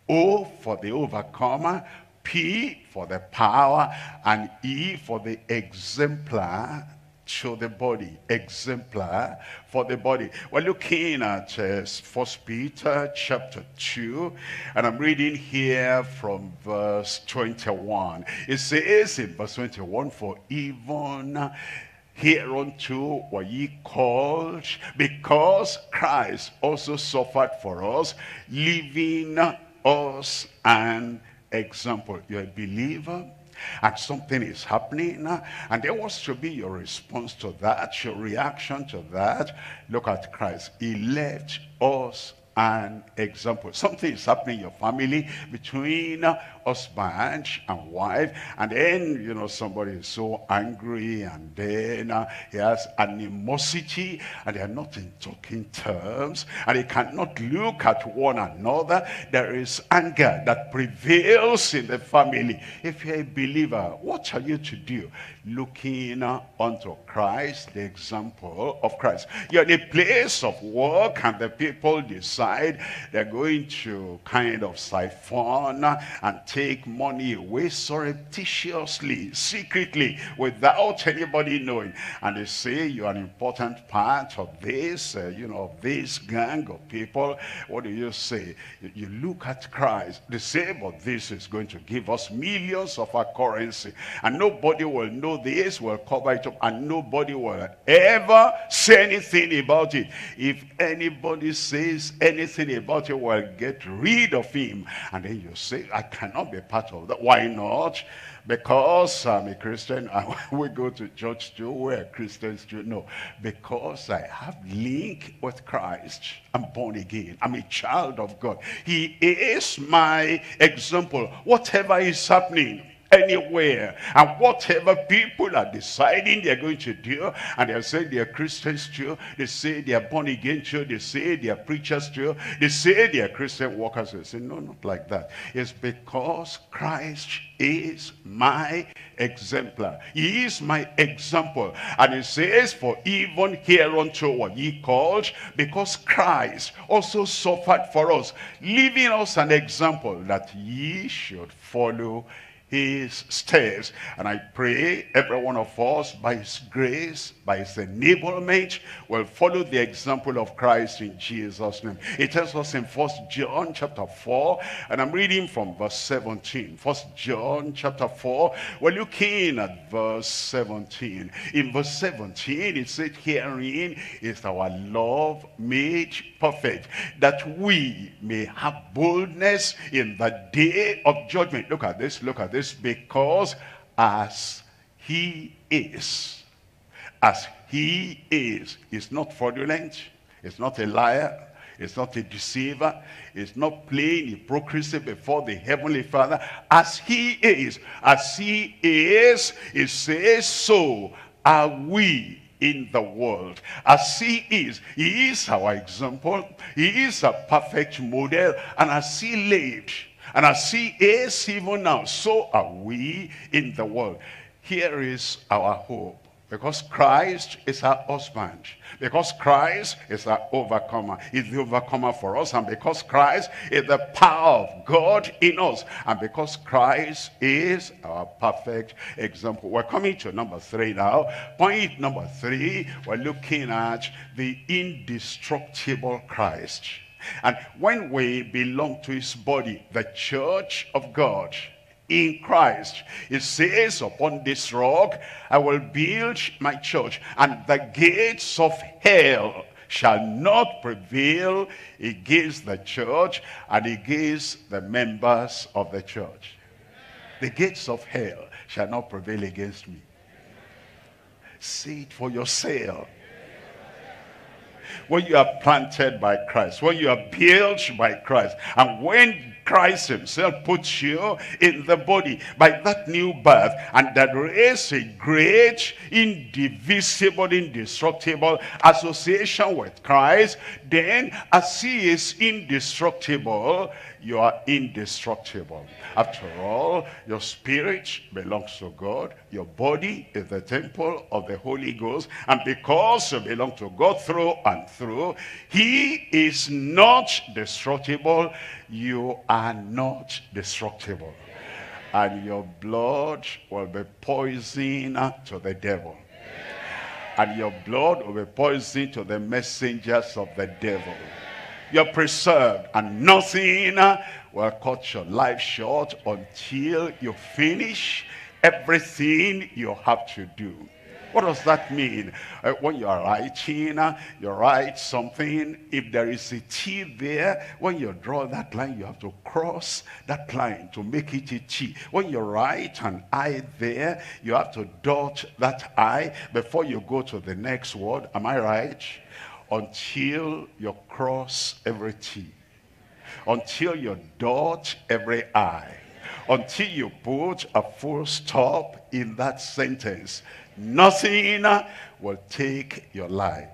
O for the overcomer, P for the power, and E for the exemplar to the body, exemplar for the body. We're looking at uh, First Peter chapter 2, and I'm reading here from verse 21. It says in verse 21, For even hereunto were ye called, because Christ also suffered for us, leaving us an example. You're a believer, and something is happening and it was to be your response to that your reaction to that look at christ he left us an example something is happening in your family between uh, husband and wife and then you know somebody is so angry and then uh, he has animosity and they are not in talking terms and they cannot look at one another there is anger that prevails in the family if you're a believer what are you to do looking uh, unto Christ the example of Christ you're in a place of work and the people decide they're going to kind of siphon uh, and take take money away surreptitiously, secretly, without anybody knowing. And they say you're an important part of this, uh, you know, of this gang of people. What do you say? You look at Christ. They say, but this is going to give us millions of our currency. And nobody will know this, will cover it up, and nobody will ever say anything about it. If anybody says anything about it, we'll get rid of him. And then you say, I cannot be be part of that. Why not? Because I'm a Christian and [LAUGHS] we go to church too, we're Christians too. No, because I have link with Christ. I'm born again. I'm a child of God. He is my example. Whatever is happening, anywhere. And whatever people are deciding they're going to do, and they're saying they're Christians too, they say they're born again too, they say they're preachers too, they say they're Christian workers. They say, no, not like that. It's because Christ is my exemplar. He is my example. And it says, for even hereunto what ye called, because Christ also suffered for us, leaving us an example that ye should follow his steps. And I pray every one of us, by his grace, by his enablement, will follow the example of Christ in Jesus' name. It tells us in First John chapter 4, and I'm reading from verse 17. First John chapter 4, we're looking at verse 17. In verse 17, it says, Herein is our love made perfect, that we may have boldness in the day of judgment. Look at this, look at this this because as he is, as he is, he's not fraudulent, he's not a liar, he's not a deceiver, he's not playing hypocrisy before the heavenly father. As he is, as he is, he says, so are we in the world. As he is, he is our example, he is a perfect model, and as he lived, and as he is even now, so are we in the world. Here is our hope. Because Christ is our husband. Because Christ is our overcomer. He's the overcomer for us. And because Christ is the power of God in us. And because Christ is our perfect example. We're coming to number three now. Point number three, we're looking at the indestructible Christ. And when we belong to his body, the church of God in Christ, it says, upon this rock, I will build my church, and the gates of hell shall not prevail against the church and against the members of the church. The gates of hell shall not prevail against me. See it for yourself when you are planted by Christ, when you are built by Christ, and when Christ himself puts you in the body by that new birth. And that is a great, indivisible, indestructible association with Christ. Then as he is indestructible, you are indestructible. After all, your spirit belongs to God. Your body is the temple of the Holy Ghost. And because you belong to God through and through, he is not destructible. You are not destructible. And your blood will be poison to the devil. And your blood will be poison to the messengers of the devil. You're preserved. And nothing will cut your life short until you finish everything you have to do. What does that mean? Uh, when you are writing, uh, you write something. If there is a T there, when you draw that line, you have to cross that line to make it a T. When you write an I there, you have to dot that I before you go to the next word. Am I right? until you cross every T, until you dot every I, until you put a full stop in that sentence. Nothing will take your life.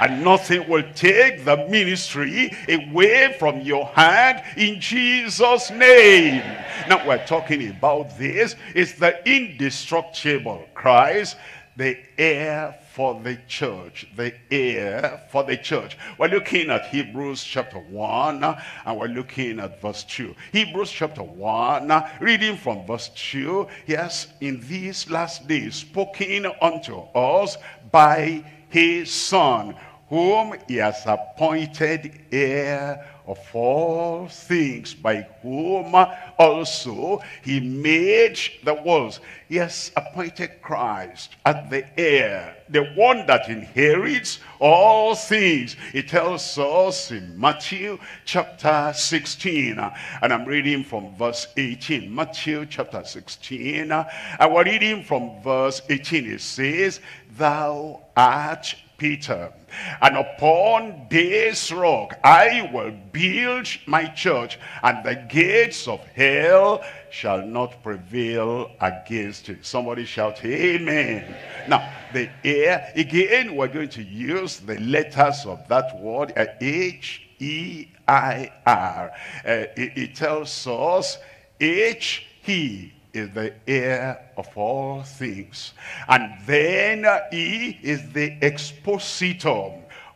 And nothing will take the ministry away from your hand in Jesus' name. Now we're talking about this. It's the indestructible Christ, the heir for the church, the heir for the church. We're looking at Hebrews chapter 1 and we're looking at verse 2. Hebrews chapter 1, reading from verse 2, yes, in these last days spoken unto us by his son, whom he has appointed heir of all things, by whom also he made the worlds. He has appointed Christ at the heir, the one that inherits all things. It tells us in Matthew chapter 16, and I'm reading from verse 18. Matthew chapter 16, and we're reading from verse 18. It says, Thou art Peter. And upon this rock I will build my church, and the gates of hell shall not prevail against it. Somebody shout, Amen. Now, the air, again, we're going to use the letters of that word, uh, H E I R. Uh, it, it tells us H, He, is the heir of all things. And then he is the expositor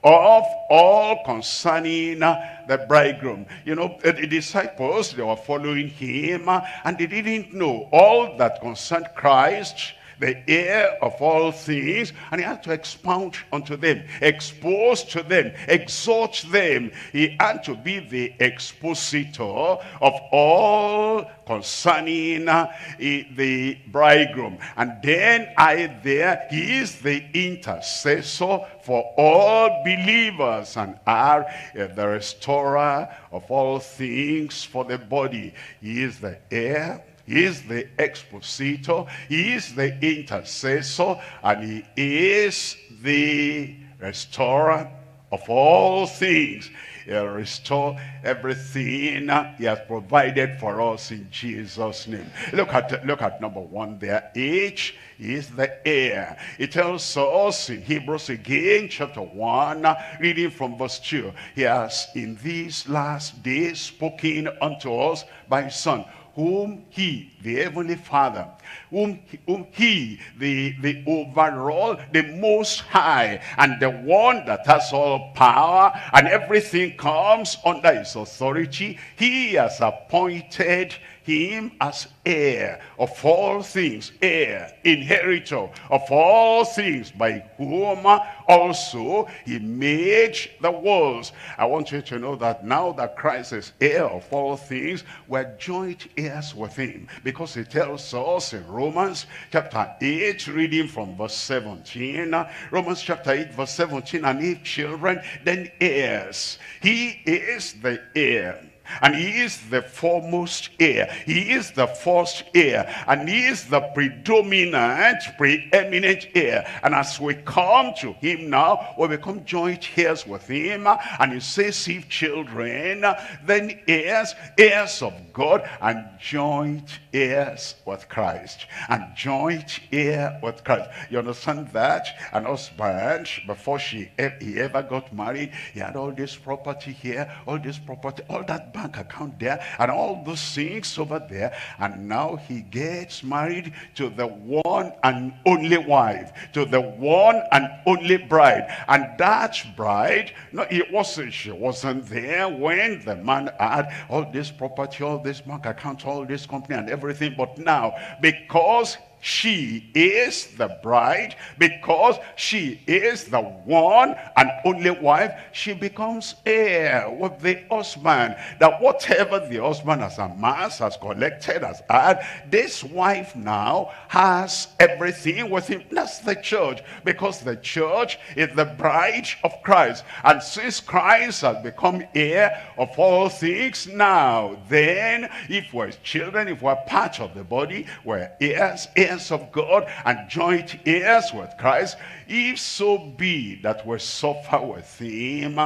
of all concerning the bridegroom. You know, the disciples, they were following him, and they didn't know all that concerned Christ the heir of all things, and he had to expound unto them, expose to them, exhort them. He had to be the expositor of all concerning uh, the bridegroom. And then I there, he is the intercessor for all believers and are uh, the restorer of all things for the body. He is the heir he is the expositor, he is the intercessor, and he is the restorer of all things. He'll restore everything he has provided for us in Jesus' name. Look at, look at number one there. Age is the heir. It tells us in Hebrews again, chapter 1, reading from verse 2. He has in these last days spoken unto us by his son whom he, the heavenly father, whom, whom he, the, the overall, the most high, and the one that has all power, and everything comes under his authority, he has appointed him as heir of all things, heir, inheritor of all things, by whom also he made the worlds. I want you to know that now that Christ is heir of all things, we're joint heirs with him. Because he tells us in Romans chapter 8, reading from verse 17, Romans chapter 8, verse 17, and if children, then heirs. He is the heir and he is the foremost heir. He is the first heir. And he is the predominant, preeminent heir. And as we come to him now, we become joint heirs with him. And he says, if children, then heirs, heirs of God, and joint heirs with Christ. And joint heir with Christ. You understand that? And husband, before she, he ever got married, he had all this property here, all this property, all that bank account there and all those things over there. And now he gets married to the one and only wife, to the one and only bride. And that bride, no, it wasn't, she wasn't there when the man had all this property, all this bank account, all this company and everything. But now, because she is the bride because she is the one and only wife she becomes heir with the husband that whatever the husband has amassed has collected has had this wife now has everything with him that's the church because the church is the bride of christ and since christ has become heir of all things now then if we're children if we're part of the body we're heirs heirs of God and joint heirs with Christ, if so be that we suffer with him,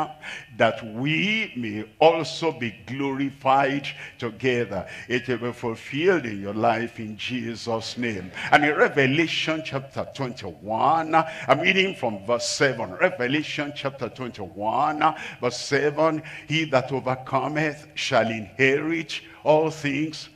that we may also be glorified together. It will be fulfilled in your life in Jesus' name. And in Revelation chapter 21, I'm reading from verse 7. Revelation chapter 21, verse 7, He that overcometh shall inherit all things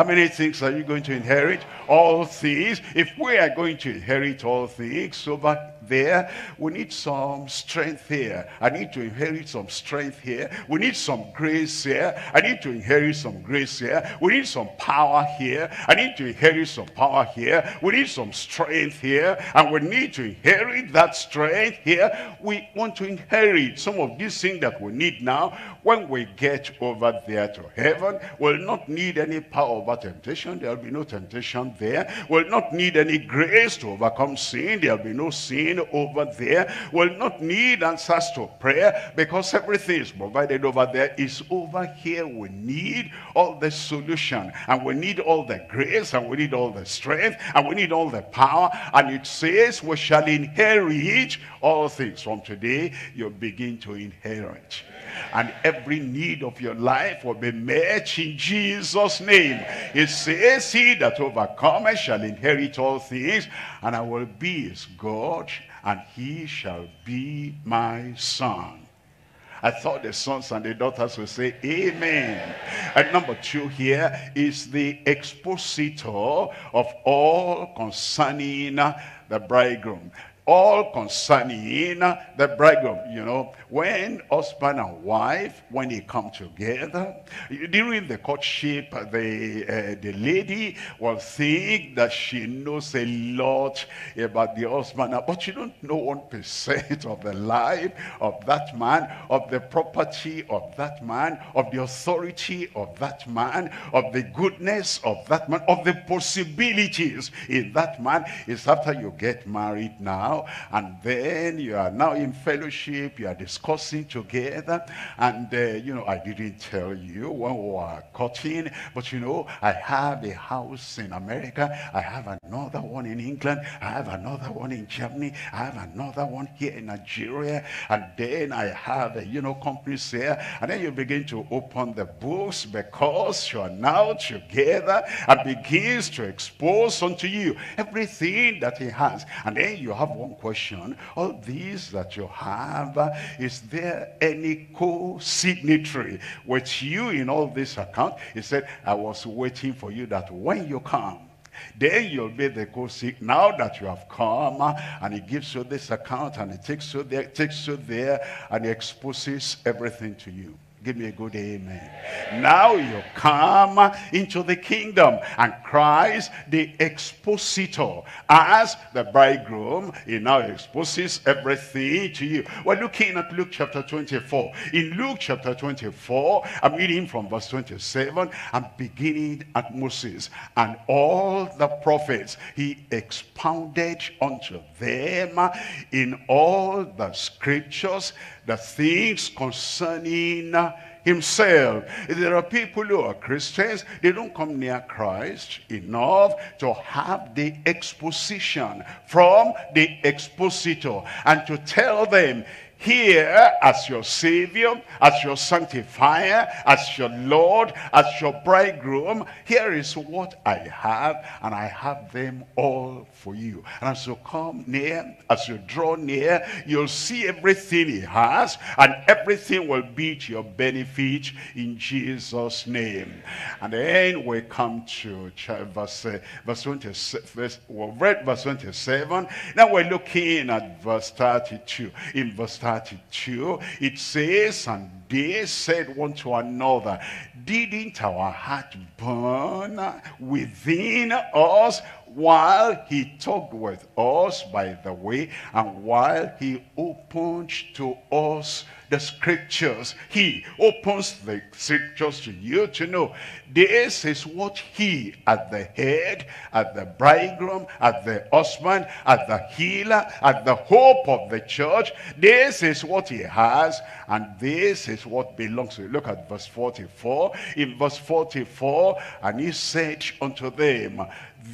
how many things are you going to inherit? All things. If we are going to inherit all things, so but there. We need some strength here. I need to inherit some strength here. We need some grace here. I need to inherit some grace here. We need some power here. I need to inherit some power here. We need some strength here. And we need to inherit that strength here. We want to inherit some of these things that we need now. When we get over there to heaven, we'll not need any power over temptation. There'll be no temptation there. We'll not need any grace to overcome sin. There'll be no sin need over there will not need answers to prayer because everything is provided over there. It's over here we need all the solution and we need all the grace and we need all the strength and we need all the power. And it says we shall inherit all things. From today, you begin to inherit. And every need of your life will be met in Jesus' name. It says, he that overcometh shall inherit all things, and I will be his God, and he shall be my son. I thought the sons and the daughters would say, Amen. And number two here is the expositor of all concerning the bridegroom all concerning the bridegroom. You know, when husband and wife, when they come together, during the courtship, the, uh, the lady will think that she knows a lot about the husband, but you don't know 1% of the life of that man, of the property of that man, of the authority of that man, of the goodness of that man, of the possibilities in that man. It's after you get married now now. And then you are now in fellowship, you are discussing together. And, uh, you know, I didn't tell you when we were cutting, but, you know, I have a house in America. I have another one in England. I have another one in Germany. I have another one here in Nigeria. And then I have, uh, you know, companies here. And then you begin to open the books because you are now together and begins to expose unto you everything that he has. And then you have one question. All oh, these that you have, uh, is there any co-signatory with you in all this account? He said, I was waiting for you that when you come, then you'll be the co sign Now that you have come, uh, and he gives you this account, and he takes you there, takes you there, and he exposes everything to you. Give me a good amen. Now you come into the kingdom and Christ the expositor as the bridegroom he now exposes everything to you. We're looking at Luke chapter 24. In Luke chapter 24 I'm reading from verse 27 I'm beginning at Moses and all the prophets he expounded unto them in all the scriptures the things concerning uh, himself. There are people who are Christians, they don't come near Christ enough to have the exposition from the expositor and to tell them here as your Savior, as your Sanctifier, as your Lord, as your Bridegroom. Here is what I have, and I have them all for you. And as you come near, as you draw near, you'll see everything he has, and everything will be to your benefit in Jesus' name. And then we come to verse, uh, verse 27. We've read verse 27. Now we're looking at verse 32. In verse 32, 32, it says, And they said one to another, Didn't our heart burn within us while he talked with us by the way and while he opened to us the scriptures he opens the scriptures to you to know this is what he at the head at the bridegroom at the husband at the healer at the hope of the church this is what he has and this is what belongs to you. look at verse 44 in verse 44 and he said unto them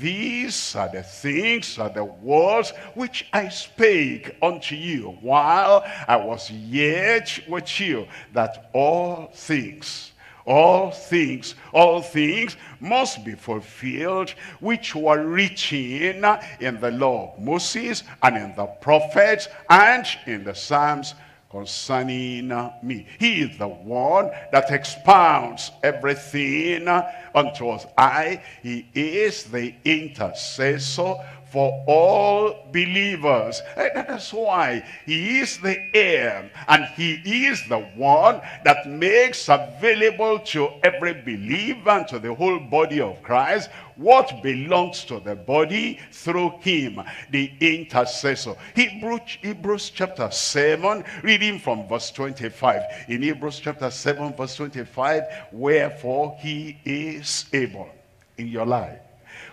these are the things, are the words which I spake unto you while I was yet with you, that all things, all things, all things must be fulfilled which were written in the law of Moses and in the prophets and in the Psalms concerning me. He is the one that expounds everything unto us. I, he is the intercessor for all believers. And that's why he is the heir and he is the one that makes available to every believer and to the whole body of Christ what belongs to the body through him, the intercessor. Hebrews chapter 7, reading from verse 25. In Hebrews chapter 7, verse 25, wherefore he is able in your life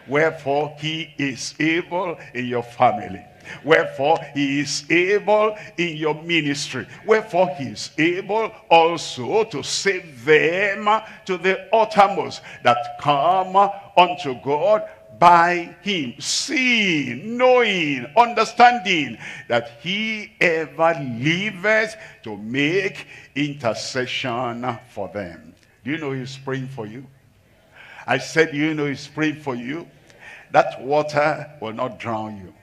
Wherefore he is able in your family. Wherefore he is able in your ministry. Wherefore he is able also to save them to the uttermost that come unto God by him. Seeing, knowing, understanding that he ever liveth to make intercession for them. Do you know he's praying for you? I said, you know, he's praying for you. That water will not drown you.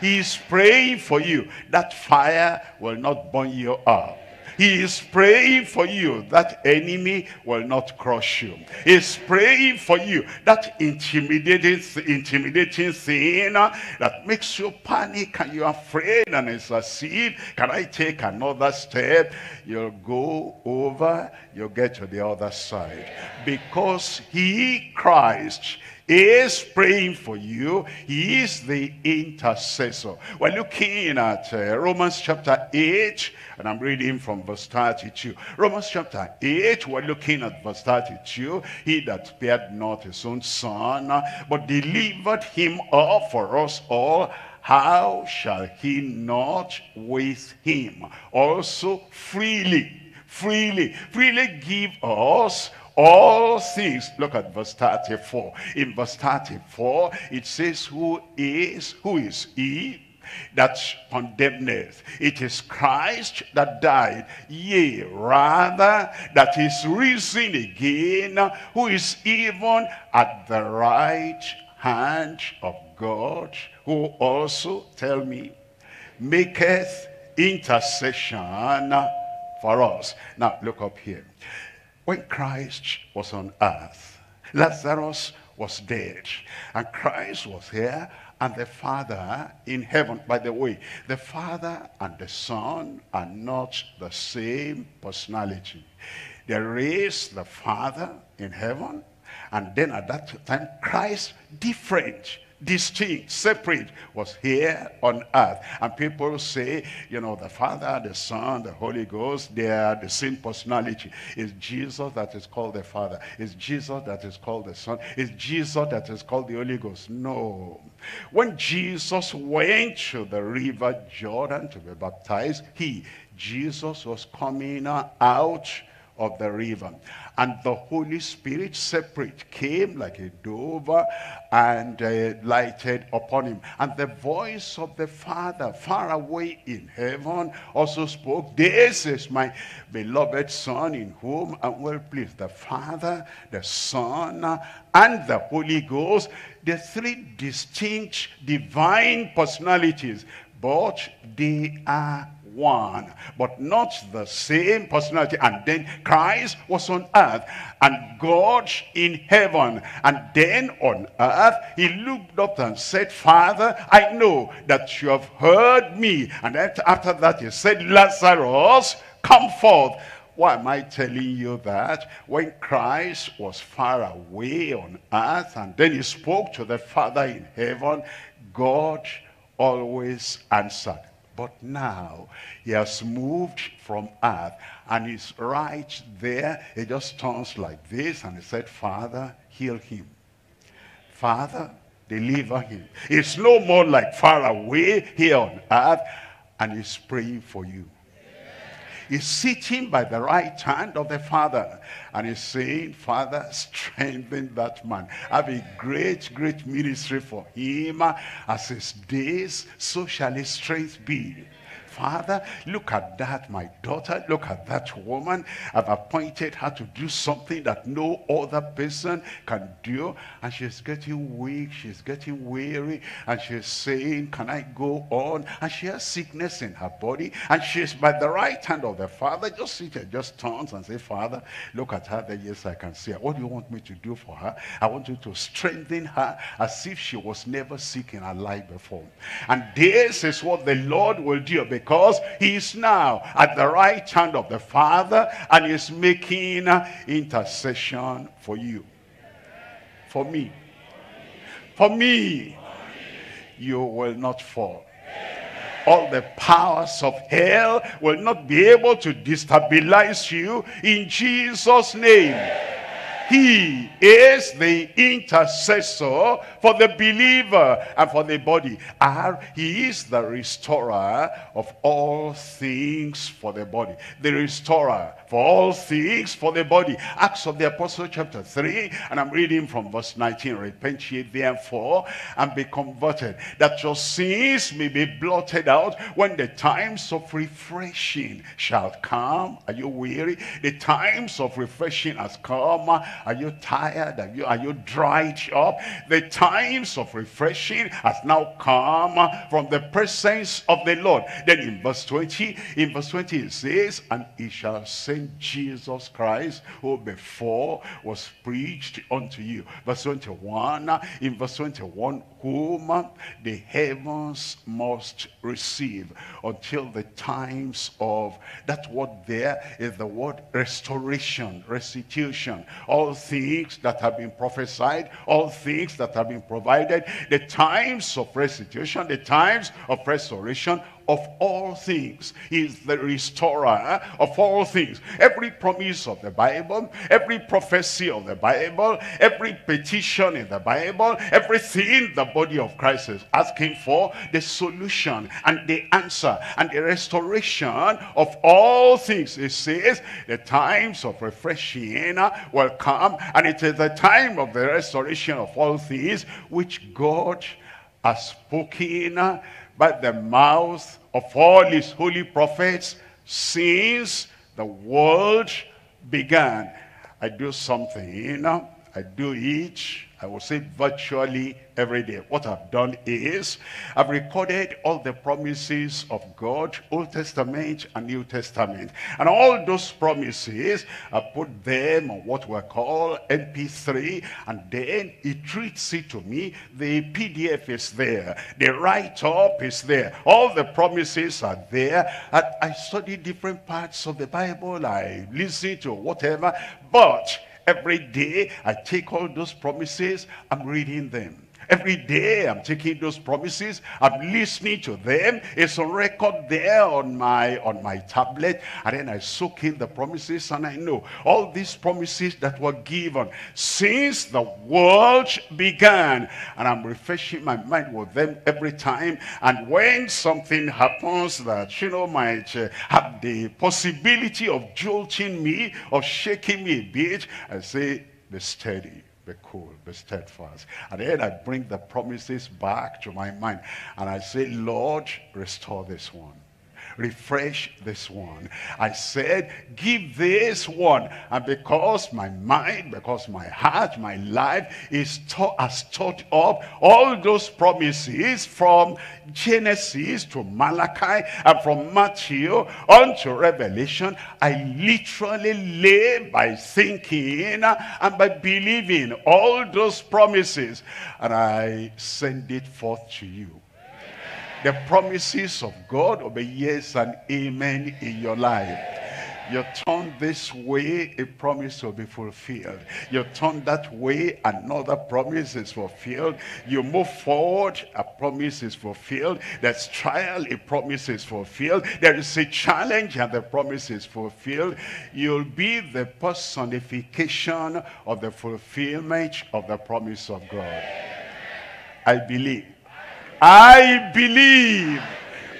He's praying for you. That fire will not burn you up. He is praying for you that enemy will not crush you. He is praying for you that intimidating, intimidating thing that makes you panic and you're afraid and it's a seed. can I take another step? You'll go over, you'll get to the other side. Because he, Christ, is praying for you. He is the intercessor. We're looking at uh, Romans chapter 8, and I'm reading from verse 32. Romans chapter 8, we're looking at verse 32. He that spared not his own son, but delivered him up for us all, how shall he not with him also freely, freely, freely give us all things look at verse 34 in verse 34 it says who is who is he that condemneth it is christ that died yea rather that is risen again who is even at the right hand of god who also tell me maketh intercession for us now look up here when Christ was on earth, Lazarus was dead, and Christ was here and the Father in heaven. By the way, the Father and the Son are not the same personality. There is the Father in heaven, and then at that time, Christ different distinct, separate, was here on earth. And people say, you know, the Father, the Son, the Holy Ghost, they are the same personality. It's Jesus that is called the Father. It's Jesus that is called the Son. It's Jesus that is called the Holy Ghost. No. When Jesus went to the river Jordan to be baptized, he, Jesus was coming out of the river. And the Holy Spirit, separate, came like a dove and uh, lighted upon him. And the voice of the Father, far away in heaven, also spoke, This is my beloved Son, in whom I am well pleased. The Father, the Son, and the Holy Ghost, the three distinct divine personalities, but they are one, but not the same personality. And then Christ was on earth and God in heaven. And then on earth, he looked up and said, Father, I know that you have heard me. And after that, he said, Lazarus, come forth. Why am I telling you that? When Christ was far away on earth and then he spoke to the Father in heaven, God always answered. But now he has moved from earth and he's right there. He just turns like this and he said, Father, heal him. Father, deliver him. It's no more like far away here on earth and he's praying for you. He's sitting by the right hand of the Father. And he's saying, Father, strengthen that man. Have a great, great ministry for him. As his days, so shall his strength be. Father, look at that, my daughter, look at that woman. I've appointed her to do something that no other person can do. And she's getting weak, she's getting weary, and she's saying, Can I go on? And she has sickness in her body, and she's by the right hand of the Father. Just sit here, just turns and say, Father, look at her. Then, yes, I can see her. What do you want me to do for her? I want you to strengthen her as if she was never sick in her life before. And this is what the Lord will do because because he is now at the right hand of the Father and is making intercession for you. For me. For me. You will not fall all the powers of hell will not be able to destabilize you in Jesus' name he is the intercessor for the believer and for the body. And he is the restorer of all things for the body. The restorer for all things for the body. Acts of the Apostle chapter 3, and I'm reading from verse 19. Repent ye therefore and be converted, that your sins may be blotted out when the times of refreshing shall come. Are you weary? The times of refreshing has come are you tired? Are you, are you dried up? The times of refreshing has now come from the presence of the Lord. Then in verse 20, in verse 20 it says, And he shall send Jesus Christ, who before was preached unto you. Verse 21, in verse 21, whom the heavens must receive until the times of that word there is the word restoration, restitution. All all things that have been prophesied, all things that have been provided, the times of restitution, the times of restoration, of all things. is the restorer eh, of all things. Every promise of the Bible, every prophecy of the Bible, every petition in the Bible, everything the body of Christ is asking for, the solution and the answer and the restoration of all things. It says the times of refreshing eh, will come and it is the time of the restoration of all things which God has spoken eh, by the mouth of all his holy prophets since the world began. I do something, you know, I do each. I will say virtually every day. What I've done is I've recorded all the promises of God, Old Testament and New Testament. And all those promises, I put them on what we call MP3, and then it treats it to me. The PDF is there. The write-up is there. All the promises are there. And I study different parts of the Bible. I listen to whatever. But Every day I take all those promises, I'm reading them. Every day I'm taking those promises. I'm listening to them. It's a record there on my, on my tablet. And then I soak in the promises and I know all these promises that were given since the world began. And I'm refreshing my mind with them every time. And when something happens that, you know, might uh, have the possibility of jolting me, of shaking me a bit, I say, be steady be cool, be steadfast. And then I bring the promises back to my mind. And I say, Lord, restore this one refresh this one. I said, give this one. And because my mind, because my heart, my life is taught, has taught up all those promises from Genesis to Malachi and from Matthew unto Revelation, I literally live by thinking and by believing all those promises. And I send it forth to you the promises of God will be yes and amen in your life. You turn this way, a promise will be fulfilled. You turn that way, another promise is fulfilled. You move forward, a promise is fulfilled. There's trial, a promise is fulfilled. There is a challenge, and the promise is fulfilled. You'll be the personification of the fulfillment of the promise of God. I believe I believe.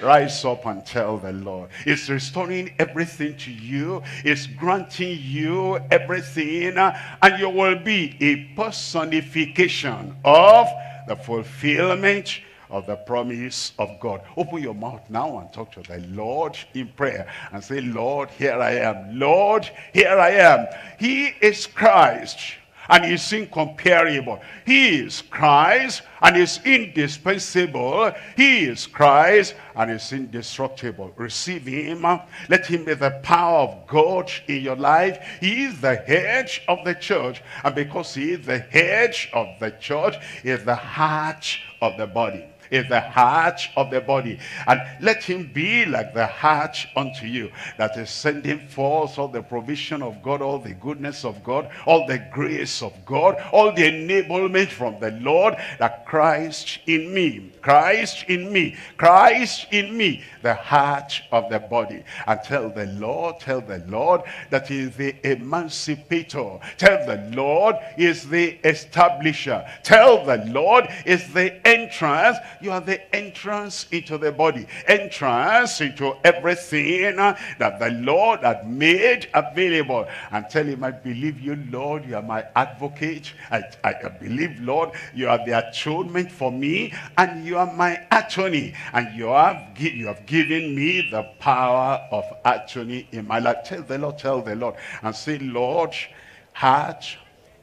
Rise up and tell the Lord. It's restoring everything to you. It's granting you everything. Uh, and you will be a personification of the fulfillment of the promise of God. Open your mouth now and talk to the Lord in prayer and say, Lord, here I am. Lord, here I am. He is Christ and he's incomparable. He is Christ and is indispensable. He is Christ and is indestructible. Receive him. Let him be the power of God in your life. He is the head of the church. And because he is the head of the church, he is the heart of the body is the heart of the body. And let him be like the heart unto you that is sending forth all the provision of God, all the goodness of God, all the grace of God, all the enablement from the Lord that Christ in me, Christ in me, Christ in me, the heart of the body. And tell the Lord, tell the Lord that he is the emancipator. Tell the Lord is the establisher. Tell the Lord is the entrance. You are the entrance into the body. Entrance into everything that the Lord had made available. And tell him, I believe you, Lord, you are my advocate. I, I, believe, Lord, you are the atonement for me. And you are my attorney. And you have, you have given me the power of actually, in my life. Tell the Lord, tell the Lord. And say, Lord, heart,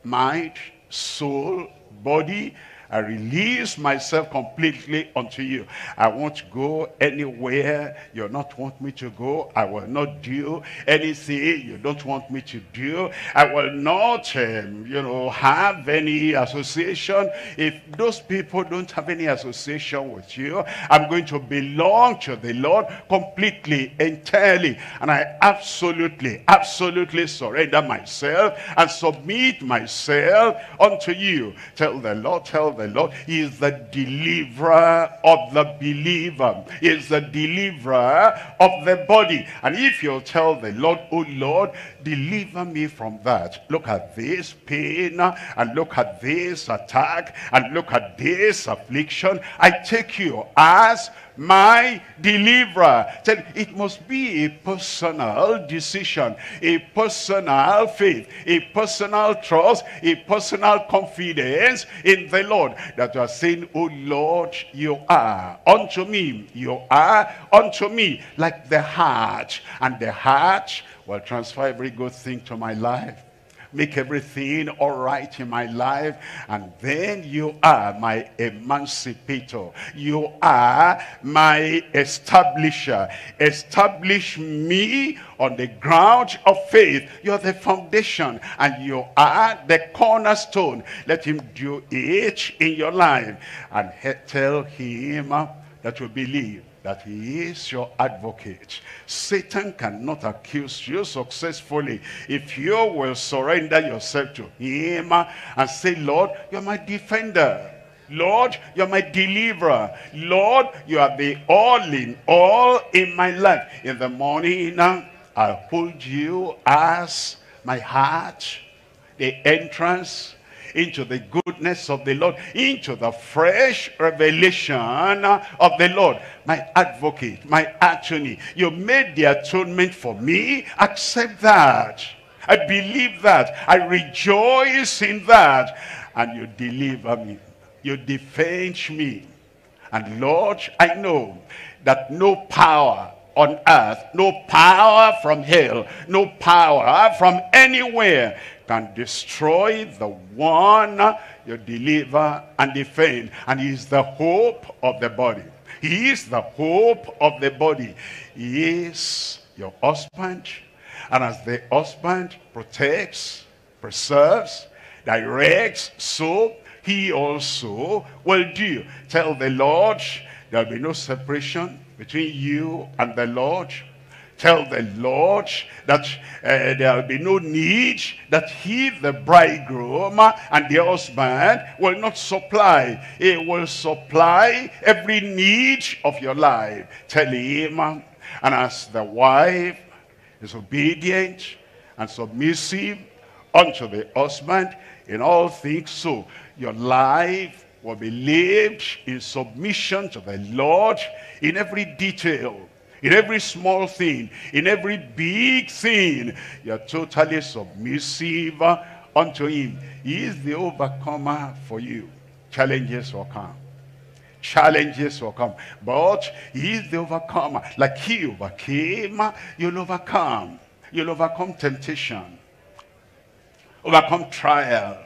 mind, soul, body, I release myself completely unto you. I won't go anywhere you not want me to go. I will not do anything you don't want me to do. I will not, um, you know, have any association. If those people don't have any association with you, I'm going to belong to the Lord completely, entirely. And I absolutely, absolutely surrender myself and submit myself unto you. Tell the Lord, tell the Lord. He is the deliverer of the believer. He is the deliverer of the body. And if you tell the Lord, oh Lord, Deliver me from that. Look at this pain, and look at this attack, and look at this affliction. I take you as my deliverer. Tell it must be a personal decision, a personal faith, a personal trust, a personal confidence in the Lord that you are saying, Oh Lord, you are unto me, you are unto me, like the heart, and the heart Will transfer every good thing to my life. Make everything all right in my life. And then you are my emancipator. You are my establisher. Establish me on the ground of faith. You're the foundation and you are the cornerstone. Let him do it in your life. And tell him that you believe that he is your advocate. Satan cannot accuse you successfully if you will surrender yourself to him and say, Lord, you're my defender. Lord, you're my deliverer. Lord, you are the all in all in my life. In the morning, I hold you as my heart, the entrance, into the goodness of the Lord, into the fresh revelation of the Lord. My advocate, my attorney, you made the atonement for me. Accept that. I believe that. I rejoice in that. And you deliver me. You defend me. And Lord, I know that no power on earth, no power from hell, no power from anywhere can destroy the one you deliver and defend. And he is the hope of the body. He is the hope of the body. He is your husband. And as the husband protects, preserves, directs, so he also will do. Tell the Lord, there'll be no separation between you and the Lord. Tell the Lord that uh, there will be no need that he, the bridegroom and the husband, will not supply. He will supply every need of your life. Tell him. And as the wife is obedient and submissive unto the husband in all things, so your life will be lived in submission to the Lord in every detail, in every small thing, in every big thing. You're totally submissive unto him. He is the overcomer for you. Challenges will come. Challenges will come. But he is the overcomer. Like he overcame, you'll overcome. You'll overcome temptation. Overcome trial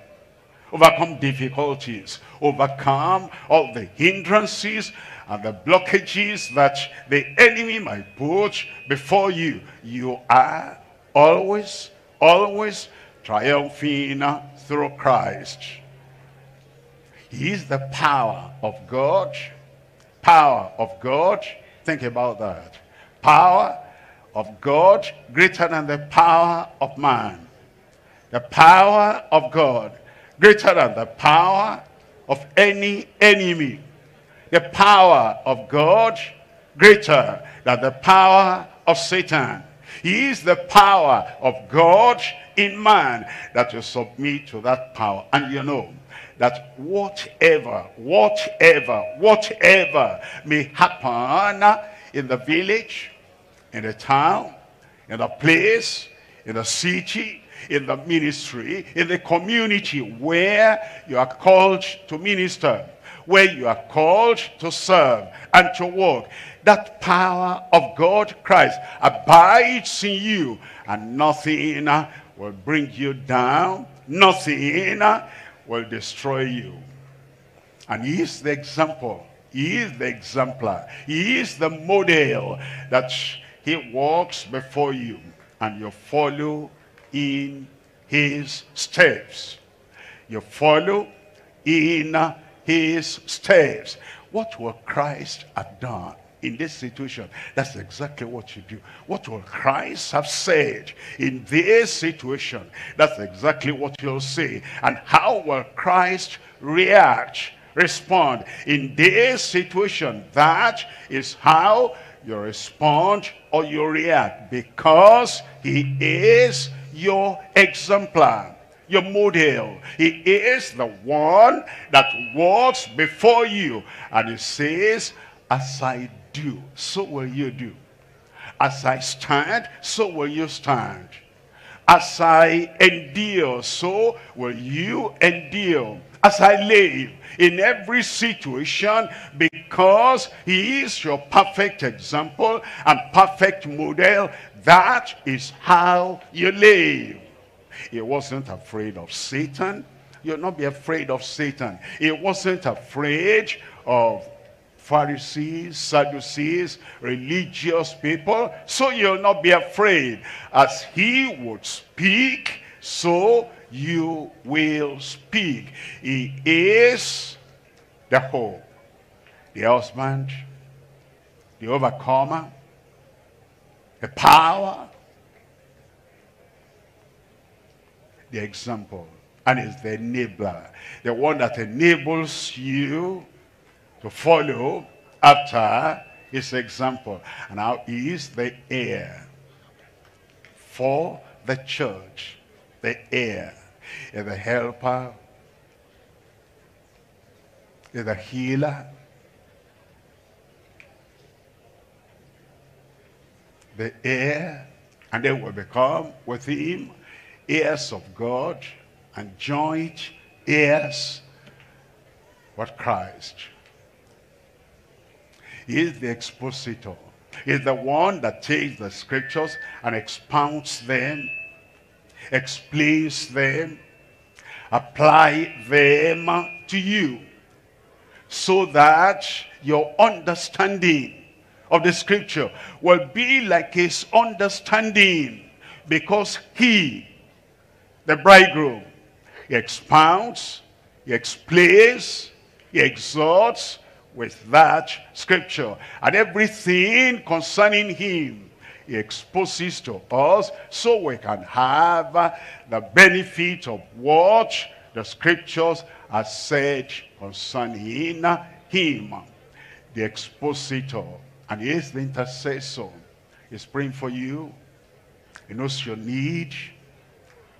overcome difficulties, overcome all the hindrances and the blockages that the enemy might put before you. You are always, always triumphing through Christ. He is the power of God. Power of God. Think about that. Power of God greater than the power of man. The power of God greater than the power of any enemy. The power of God greater than the power of Satan. He is the power of God in man that will submit to that power. And you know that whatever, whatever, whatever may happen in the village, in the town, in the place, in the city, in the ministry, in the community where you are called to minister, where you are called to serve and to work. That power of God Christ abides in you and nothing will bring you down. Nothing will destroy you. And he is the example. He is the exemplar. He is the model that he walks before you and you follow in his steps. You follow in his steps. What will Christ have done? in this situation. That's exactly what you do. What will Christ have said in this situation? That's exactly what you'll say. And how will Christ react, respond in this situation? That is how you respond or you react because he is your exemplar, your model. He is the one that walks before you. And he says, as I do, so will you do. As I stand, so will you stand. As I endure, so will you endure. As I live in every situation, because he is your perfect example and perfect model, that is how you live. He wasn't afraid of Satan. You'll not be afraid of Satan. He wasn't afraid of Pharisees, Sadducees, religious people. So you'll not be afraid. As he would speak, so you will speak. He is the hope, the husband, the overcomer, the power, the example. And it's the enabler, the one that enables you to follow after his example. And now he is the heir for the church, the heir, is the helper, is the healer, the heir, and they will become with him heirs of God and joint heirs with Christ. He is the expositor. is the one that takes the scriptures and expounds them, explains them, apply them to you so that your understanding of the scripture will be like his understanding because he, the bridegroom, he expounds, he explains, he exhorts with that scripture. And everything concerning him, he exposes to us so we can have the benefit of what the scriptures are said concerning him, the expositor. And is the intercessor He's praying for you. He knows your need.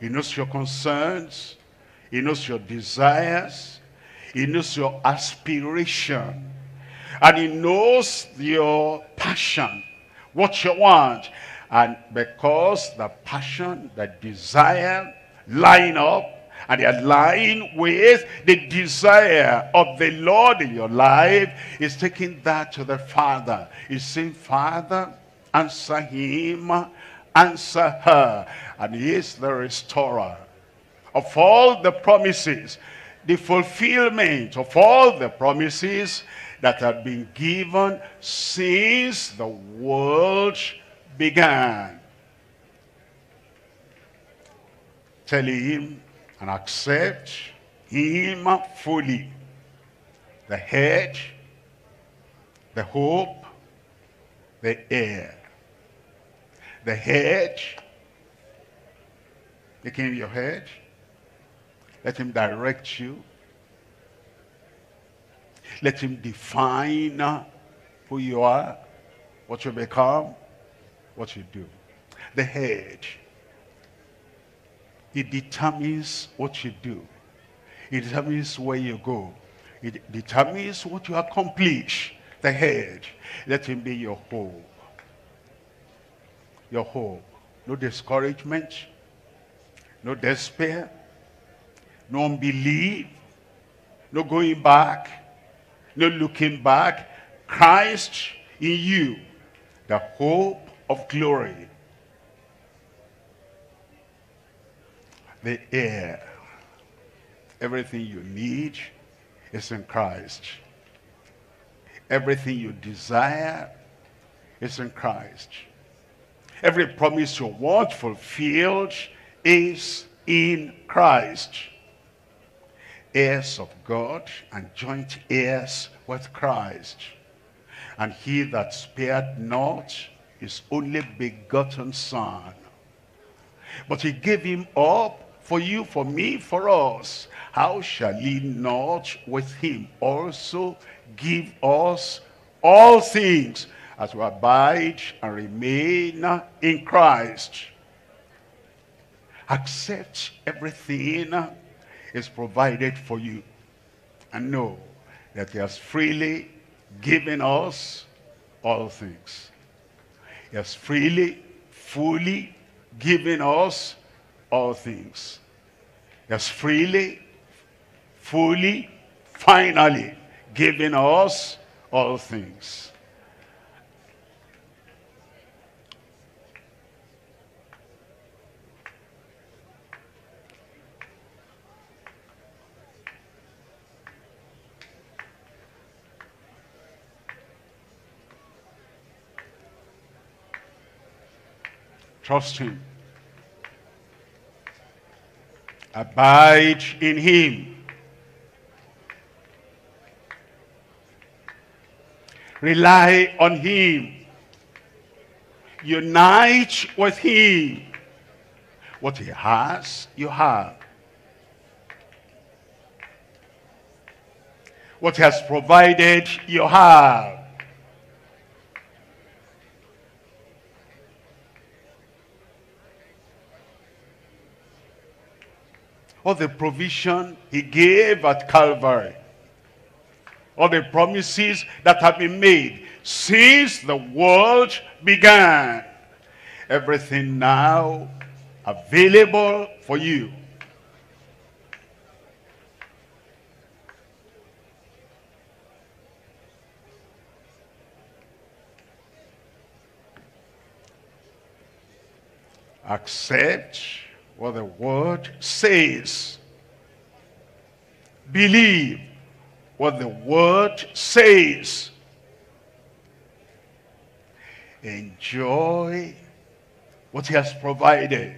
He knows your concerns. He knows your desires. He knows your aspiration. And he knows your passion, what you want. And because the passion, the desire line up and their lying ways, the desire of the Lord in your life is taking that to the Father. He's saying, Father, answer him, answer her. And he is the restorer of all the promises, the fulfillment of all the promises that have been given since the world began. Tell him and accept him fully. The head, the hope, the heir. The head became your head. Let him direct you. Let him define who you are, what you become, what you do. The head it determines what you do. It determines where you go. It determines what you accomplish. The head, let him be your hope. Your hope. No discouragement, no despair, no unbelief, no going back, no looking back. Christ in you, the hope of glory. the air, Everything you need is in Christ. Everything you desire is in Christ. Every promise you want fulfilled is in Christ. Heirs of God and joint heirs with Christ. And he that spared not his only begotten son. But he gave him up for you, for me, for us. How shall he not with him also give us all things as we abide and remain in Christ? Accept everything is provided for you. And know that he has freely given us all things. He has freely, fully given us all things. has freely, fully, finally given us all things. Trust Him. Abide in him. Rely on him. Unite with him. What he has, you have. What he has provided, you have. all the provision he gave at Calvary, all the promises that have been made since the world began. Everything now available for you. Accept what the word says. Believe what the word says. Enjoy what he has provided.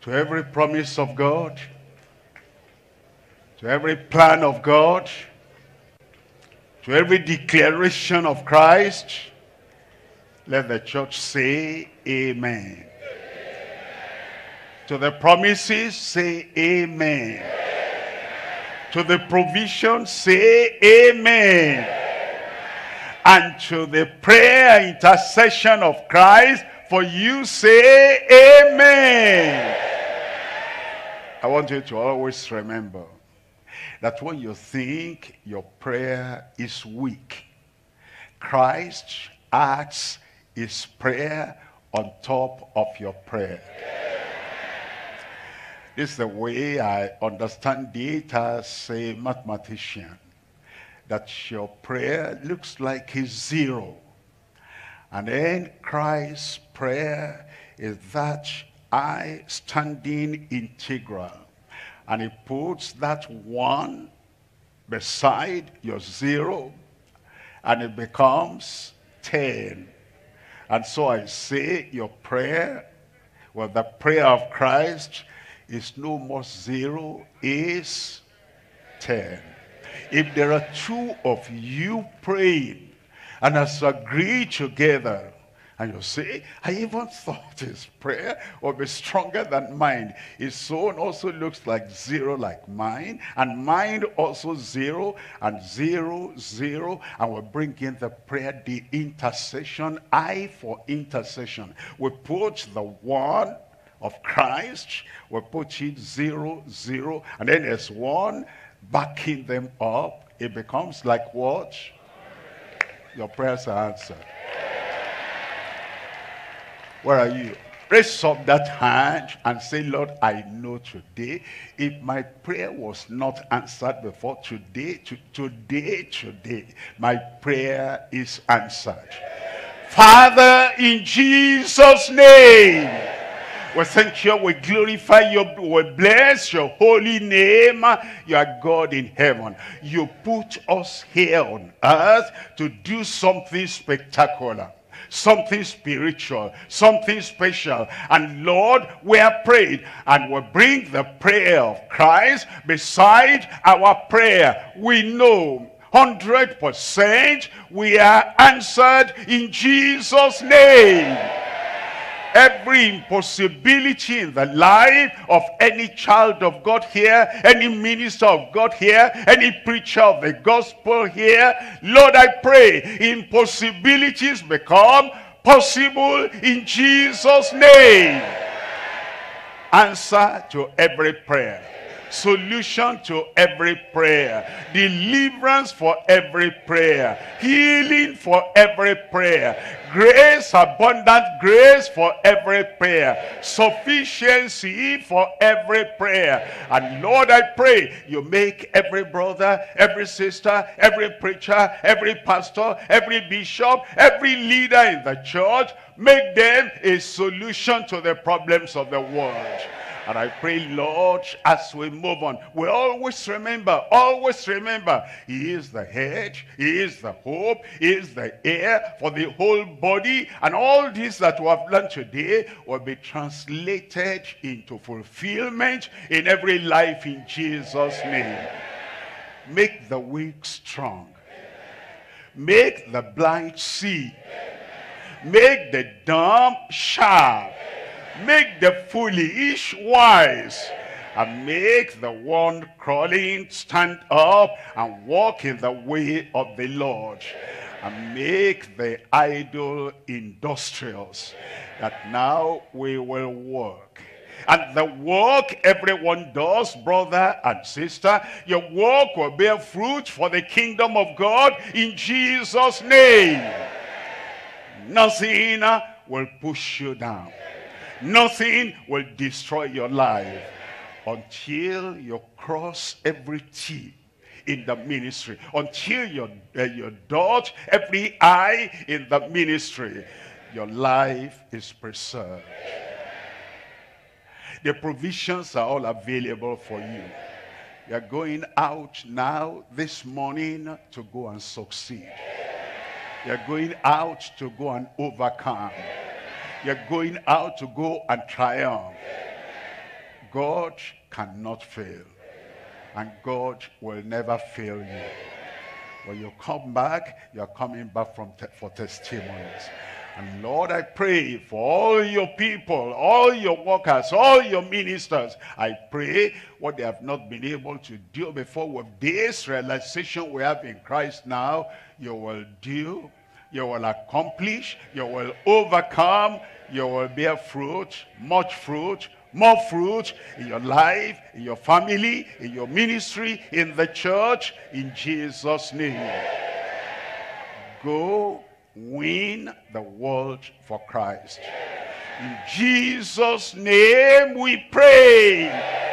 To every promise of God, to every plan of God, to every declaration of Christ, let the church say amen. amen. To the promises, say amen. amen. To the provision, say amen. amen. And to the prayer intercession of Christ, for you say amen. I want you to always remember that when you think your prayer is weak, Christ adds his prayer on top of your prayer. This is the way I understand it as a mathematician. That your prayer looks like a zero. And then Christ's prayer is that I standing integral and he puts that one beside your zero and it becomes 10. And so I say your prayer, well, the prayer of Christ is no more zero, is 10. If there are two of you praying and has agreed together and you see, I even [LAUGHS] thought his prayer would be stronger than mine. His own also looks like zero like mine, and mine also zero, and zero, zero. And we bring in the prayer, the intercession, I for intercession. We put the one of Christ, we put it zero, zero, and then there's one backing them up. It becomes like what? Your prayers are answered. Where are you? Raise up that hand and say, Lord, I know today, if my prayer was not answered before, today, to, today, today, my prayer is answered. Father, in Jesus' name. We thank you, we glorify you, we bless your holy name. You are God in heaven. You put us here on earth to do something spectacular something spiritual, something special. And Lord, we are prayed and we bring the prayer of Christ beside our prayer. We know 100% we are answered in Jesus' name every impossibility in the life of any child of God here, any minister of God here, any preacher of the gospel here. Lord, I pray impossibilities become possible in Jesus' name. Answer to every prayer solution to every prayer, deliverance for every prayer, healing for every prayer, grace, abundant grace for every prayer, sufficiency for every prayer. And Lord, I pray you make every brother, every sister, every preacher, every pastor, every bishop, every leader in the church, make them a solution to the problems of the world. And I pray, Lord, as we move on, we always remember, always remember, He is the head, He is the hope, He is the heir for the whole body. And all this that we have learned today will be translated into fulfillment in every life in Jesus' name. Make the weak strong. Make the blind see. Make the dumb sharp. Make the foolish wise and make the one crawling stand up and walk in the way of the Lord and make the idle industrious that now we will work and the work everyone does, brother and sister, your work will bear fruit for the kingdom of God in Jesus' name. Nothing will push you down. Nothing will destroy your life until you cross every T in the ministry, until you, uh, eh, you dot every I in the ministry. Your life is preserved. The provisions are all available for you. You are going out now this morning to go and succeed. You are going out to go and overcome. You're going out to go and triumph. Amen. God cannot fail. Amen. And God will never fail you. Amen. When you come back, you're coming back from te for testimonies. And Lord, I pray for all your people, all your workers, all your ministers. I pray what they have not been able to do before with this realization we have in Christ now, you will do, you will accomplish, you will overcome, you will bear fruit, much fruit, more fruit in your life, in your family, in your ministry, in the church, in Jesus' name. Go win the world for Christ. In Jesus' name we pray.